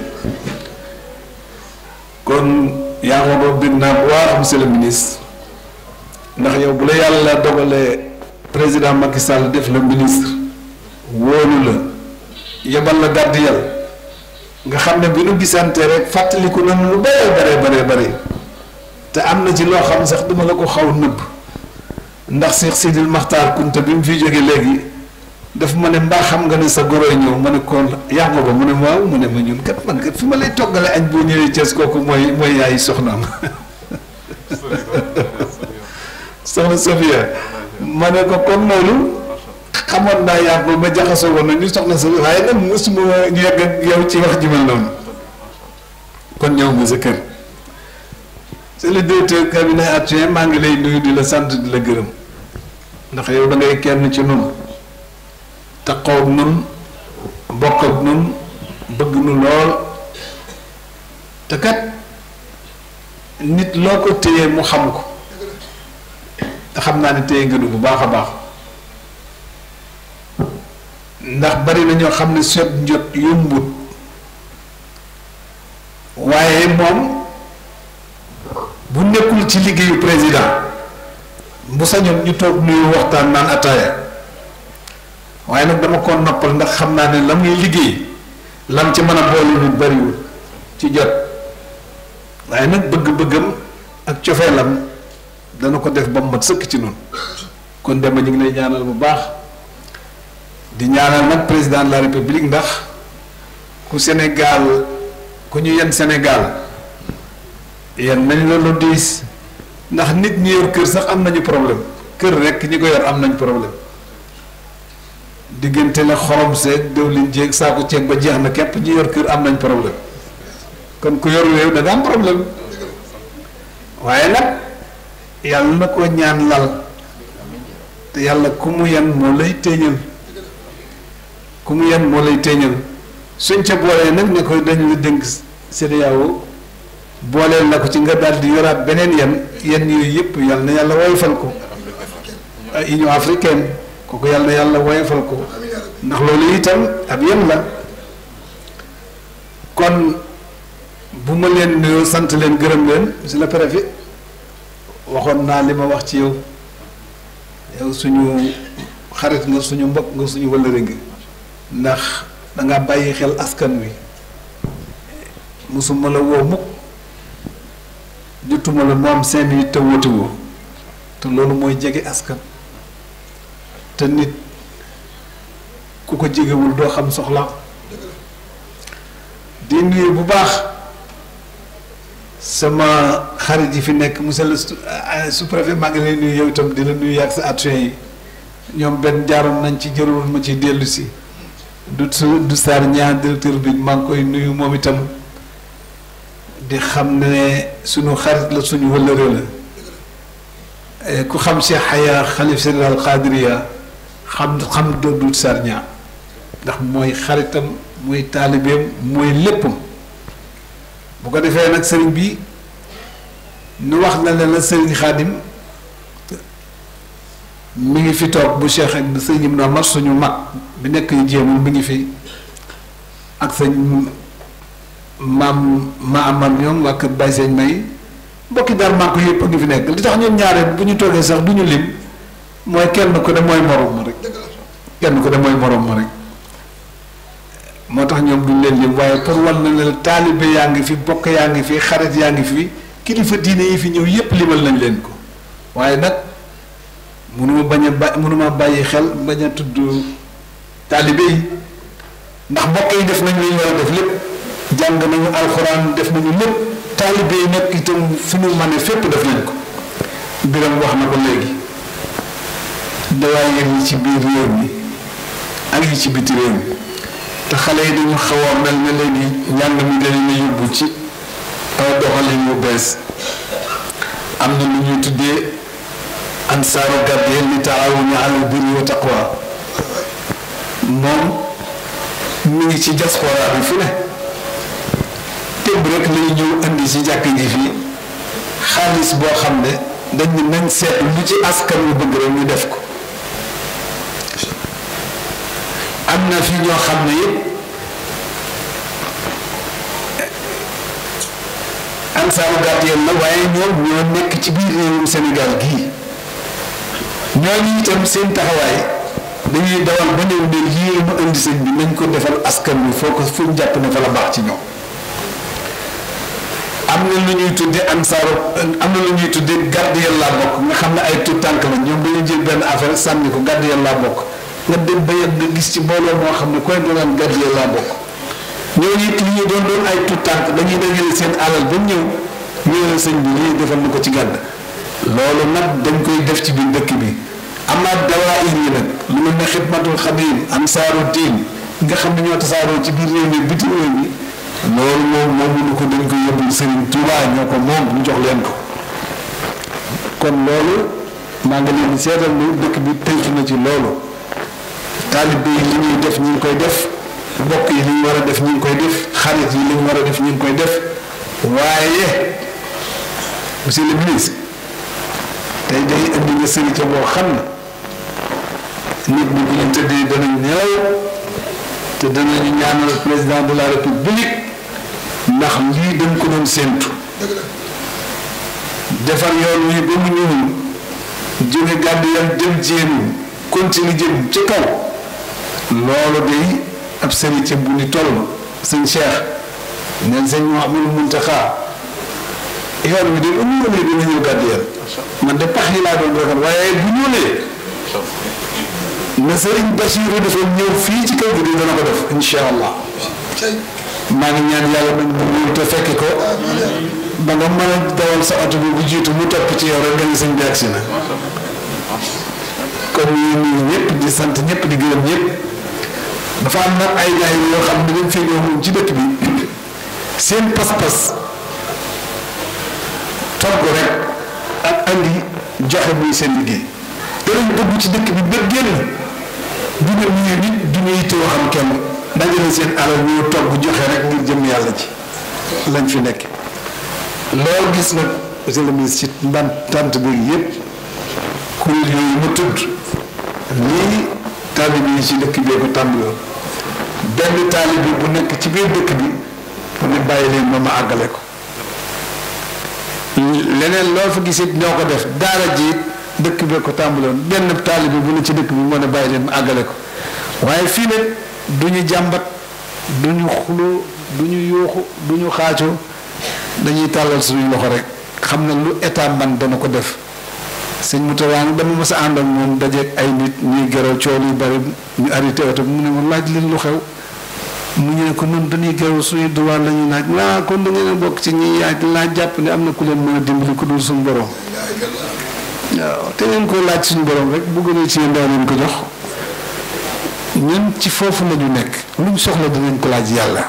Speaker 10: kon yaa ngi wax bind naa bu baax monsieur le ministre. ndax yow bu la yàlla dogalee président Macky Sall def la ministre wóolu la yebal la gardien nga xam ne bi nu gisante rek fàttaliku na lu bëree bëree bëree te am na ci loo xam sax duma la ko xaw nëbb ndax Cheikh Sidil Maxtaar Kunta bi mu fi jóge léegi daf ma ne mbaa xam nga ne sa goro goroy ñëw ma ne kon yaa nga ba mu ne waaw mu ne ma ñun kat man kat fi ma lay toggale añ boo ñëwee Cees kooku mooy mooy yaay soxnaam soxna Sofia ma ko kon loolu xamoon naa yaa ba ma jaxasoo woon na ñu soxna Sofia waaye nag mosuma ñu yegg ak ci wax ji noonu kon ñëw nga sa kër c'est le directeur cabinet adjoint maa ngi lay nuyu di la sant di la gërëm ndax yow dangay kenn ci nun taqoog nun bokk nun bëgg nu lool te kat nit loo ko téye mu xam ko xam naa ne téye ngeen bu baax a baax ndax bari na ñoo xam ne seet njot yombut waaye moom bu nekkul ci liggéeyu président bu sañoon ñu toog nuyu waxtaan naan ataaya waaye nag dama ko noppal ndax xam naa ne la muy liggéey lam ci mën a boole nit bariwul ci jot waaye nag bëgg-bëggam ak cofeelam dana ko def ba mu mat sëkk ci noonu kon dema ñu ngi lay ñaanal bu baax di ñaanal nag président de la république ndax ku Sénégal ku ñu yenn Sénégal yenn nañ loolu diis ndax nit ñi yor kër sax am nañu problème kër rekk ñi ko yor am nañu problème diggante la xorom seeg dëwlin jéeg saako ceeb ba jeex na képp ñi yor kër am nañ problème kon ku yor réew da am problème waaye nag yàlla na ko ñaan lal te yàlla ku mu yan moo lay téeñal ku mu yan moo lay téeñal suñ ca boolee nag ne ko dañ la dénk CEDEAO booleel na ko ci nga daldi di yoraat beneen yan yan yooyu yëpp yàlla na yàlla woyofal ko union africaine kooku yàlla na yàlla woyofal ko ndax loolu itam ab yan la kon bu ma leen nuyoo sant leen gërëm leen monsieur le préfet waxoon naa li ma wax ci yow yow suñu xarit nga suñu mbokk nga suñu wëllëre nga ndax danga bàyyi xel askan wi mosuma la woo mukk jotuma la moom cinq yi te woote te loolu mooy jege askan te nit ku ko jegewul doo xam soxla di nuyu bu baax sama xarit yi fi nekk monsieur le euh, sous-préfet maa ngi lay nuyu yow itam di la nuyu yàgg sa action yi ñoom benn jaaroon nañ ci jërul ma ci dellusi si du du Sarr ñaar directeur bi maa ngi koy nuyu moom itam di xam ne suñu xarit la suñu wëllëre la euh, ku xam Cheikh Haya xalif général Qadiriya xam xam doo du Sarr ndax mooy xaritam mooy taalibeem mooy léppam bu ko defee nag sëriñ bi nu wax na ne la sëriñ xaadim mi ngi fi toog bu Cheikh ak bu sëriñ Ibnu Omar suñu mag bi nekk yu jéemul mi ngi fi ak sëñ maam ma amam ñoom waa kër Baye Sëñ May mbokki daal ko yëpp ngi fi nekk li tax ñoom ñaareel bu ñu toogee sax du ñu lim mooy kenn ku ne mooy moroom ma rek kenn ku ne mooy moroom ma rek moo tax ñoom du leen lim waaye pour wan na ne taalibe yaa ngi fi bokk yaa ngi fi xarit yaa ngi fi kilifa diine yi fi ñëw yépp limal nañ leen ko waaye nag mënuma bañ a ba mënuma bàyyi xel bañ a tudd taalibe yi ndax bokk yi def nañ li def lépp jàng nañu alxuraan def nañu lépp taalibe yi nekk itam fi mu mane fépp def nañ ko biram wax na ko léegi dawaay yi ci biir réew mi ak yi ci biti réew mi te xale yi dañu xaw a na ne léegi njàng mi leen na yóbbu ci aw doxalin yu bees am na lu ñuy tuddee ansaaru gardien li taawuni alal birri wa taqwa moom mu ngi ci diaspora bi fu ne témb rek lay ñëw indi ci jàkk ji fii xaalis boo xam ne dañ ne nañ seet lu ci askan wi bëgg rek ñu def ko am na fi ñoo xam ne yëpp ansaaru gàtt yam na waaye ñoom ñoo nekk ci biir réewum Sénégal gii ñooñu itam seen taxawaay dañuy dawal ba néew ne lii la mu indi sëñ bi nañ ko defal askan wi foo ko fu jàpp ne fa la baax ci ñoom am na lu ñuy tudde ansaaru am na lu ñuy tudde gàdd yàlla bokk nga xam ne ay tuut tànk la ñoom dañuy jël benn affaire sànni ko gàdd yàlla bokk nga dem ba yàgg nga gis ci mbooloo moo xam ne koy doon gardien laa bokk ay tout tànk dañuy dajale seen alal ba sëñ bi lii defal na ko ci gàdd loolu nag dañ koy def ci biir dëkk bi amaat dawaa ir yi nag lu mel ne xidmatul xadim ansaaru diin nga xam ne ñoo tasaaroo ci biir réew mi biti réew mi loolu moom moom mënu ko dañ koy yóbbul Serigne Touba ñoo ko moom mu jox leen ko kon loolu maa ngi leen di seetal ni dëkk bi tënk na ci loolu taalibe yi li ñuy def ñu ngi koy def mbokk yi li ñu war a def ñu ngi koy def xarit yi li ñu war a def ñu ngi koy def waaye monsieur le ministre tey day indi nga sëriñ ca boo xam na nit ñi bu ñu tëddee danañ nelaw te danañu ñaanal président de la république ndax lii dañ ko doon séentu defar yoon wi ba mu ñëwul jóge gàddu yam jëm jéem continuer jëm ca loolu day ab sëriñ ca bu ni toll sëñ Cheikh neen sëñ Mouhamadou Mountakha yoon wi de lu mu ñëwee dina ñëw gàddu yéen man de pax yi laa doon doon waaye bu ñuulee na sëriñ Bachir dafa ñëw fii ci kër gi de dana ko def incha allah maa ngi ñaan yàlla nañ bu ñuul fekki ko ba nga a dawal sa oto bi bu jiitu mu topp ci yow rek nga ne sëñ bi agsi na kon ñu ngi di sant ñëpp di gërëm ñëpp. dafa am nag ay gars yoo xam ne dañ feeñoo moom ci dëkk bi seen pas-pas togg rek ak andi joxe muy seen liggéey danañ dugg ci dëkk bi ba génn du ne muye nit du ne yittewoo xam kenn dajale seen alal ñu togg joxe rek ngir jëm yàlla ci lañ fi nekk loo gis nag monsieur le ministre ci ndan tant bi yëpp yooyu ma tudd lii taalibe yi ci dëkk bee ko tàmbaloon benn taalib bi bu nekk ci biir dëkk bi mu ne bàyyi leen ma ma àggale ko leneen loo fa gis it ñoo ko def daara jiit dëkk bee ko tàmbaloon benn taalib bi bu ne ci dëkk bi moo ne bàyyi leen ma àggale ko waaye fii nag du ñu jàmbat du ñu xuloo du ñu yuuxu du ñu xaacoo dañuy tàllal suñu loxo rek xam na lu état man dana ko def sëñ Moutawaa nag dama mës a ànd ak moom dajeeg ay nit ñuy gërëw coow yu bari ñu arrêté oto mu ne ma laaj leen lu xew mu ñu ne ko noonu dañuy gërëw suñuy droit la ñuy laaj ah kon da ngeen a bokk ci ñi yaay laaj jàpp ne am na ku leen mën a dimbali ku dul suñu borom waaw ko laaj suñu borom rek bu gënee ci yéen ko jox ñun ci foofu la ñu nekk luñ soxla danañ ko laaj yàlla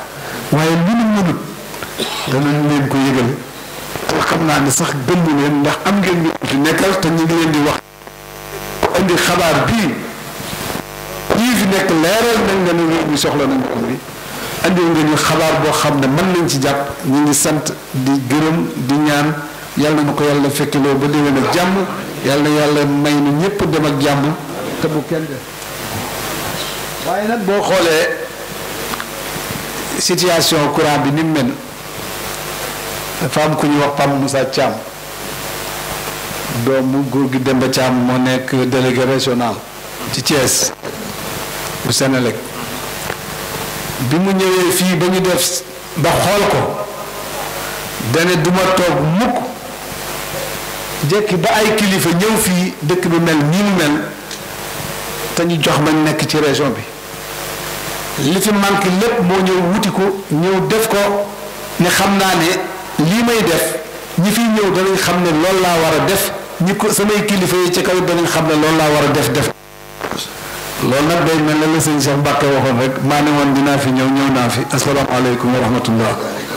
Speaker 10: waaye lu ñu mënut danañ leen ko yëgal. xam naa ni sax gëmmu leen ndax am ngeen ñu ci nekkal te ñu ngi leen di wax indi xabaar bii ñii fi nekk leeral nañ nga ne réew mi soxla nañ ko bi andi nga ñu xabaar boo xam ne mën nañ ci jàpp ñu ngi sant di gërëm di ñaan yàlla na ko yàlla fekkeloo ba déwén ak jàmm yàlla na yàlla may nu ñëpp dem ak jàmm te bu kenn def waaye nag boo xoolee situation courant bi ni mu mel dafa ku ñuy wax Pam Moussa Thiam doomu góor gi dem Demba Thiam moo nekk délégué régional ci Thiès bu Sénélec bi mu ñëwee fii ba ñu def ba xool ko dane duma toog mukk jekki ba ay kilifa ñëw fii dëkk bi mel nii mu mel te ñu jox ma nekk ci région bi li fi manque lépp moo ñëw wuti ko ñëw def ko ne xam naa ne lii may def ñi fi ñëw danañ xam ne loolu laa war a def ñi ko samay kilifa yi ci kaw danañ xam ne loolu laa war a def def. loolu nag day mel ne la sëñ Cheikh Mbacke waxoon rek maa ne woon dinaa fi ñëw ñëw naa fi asalaamaaleykum wa rahmatullah.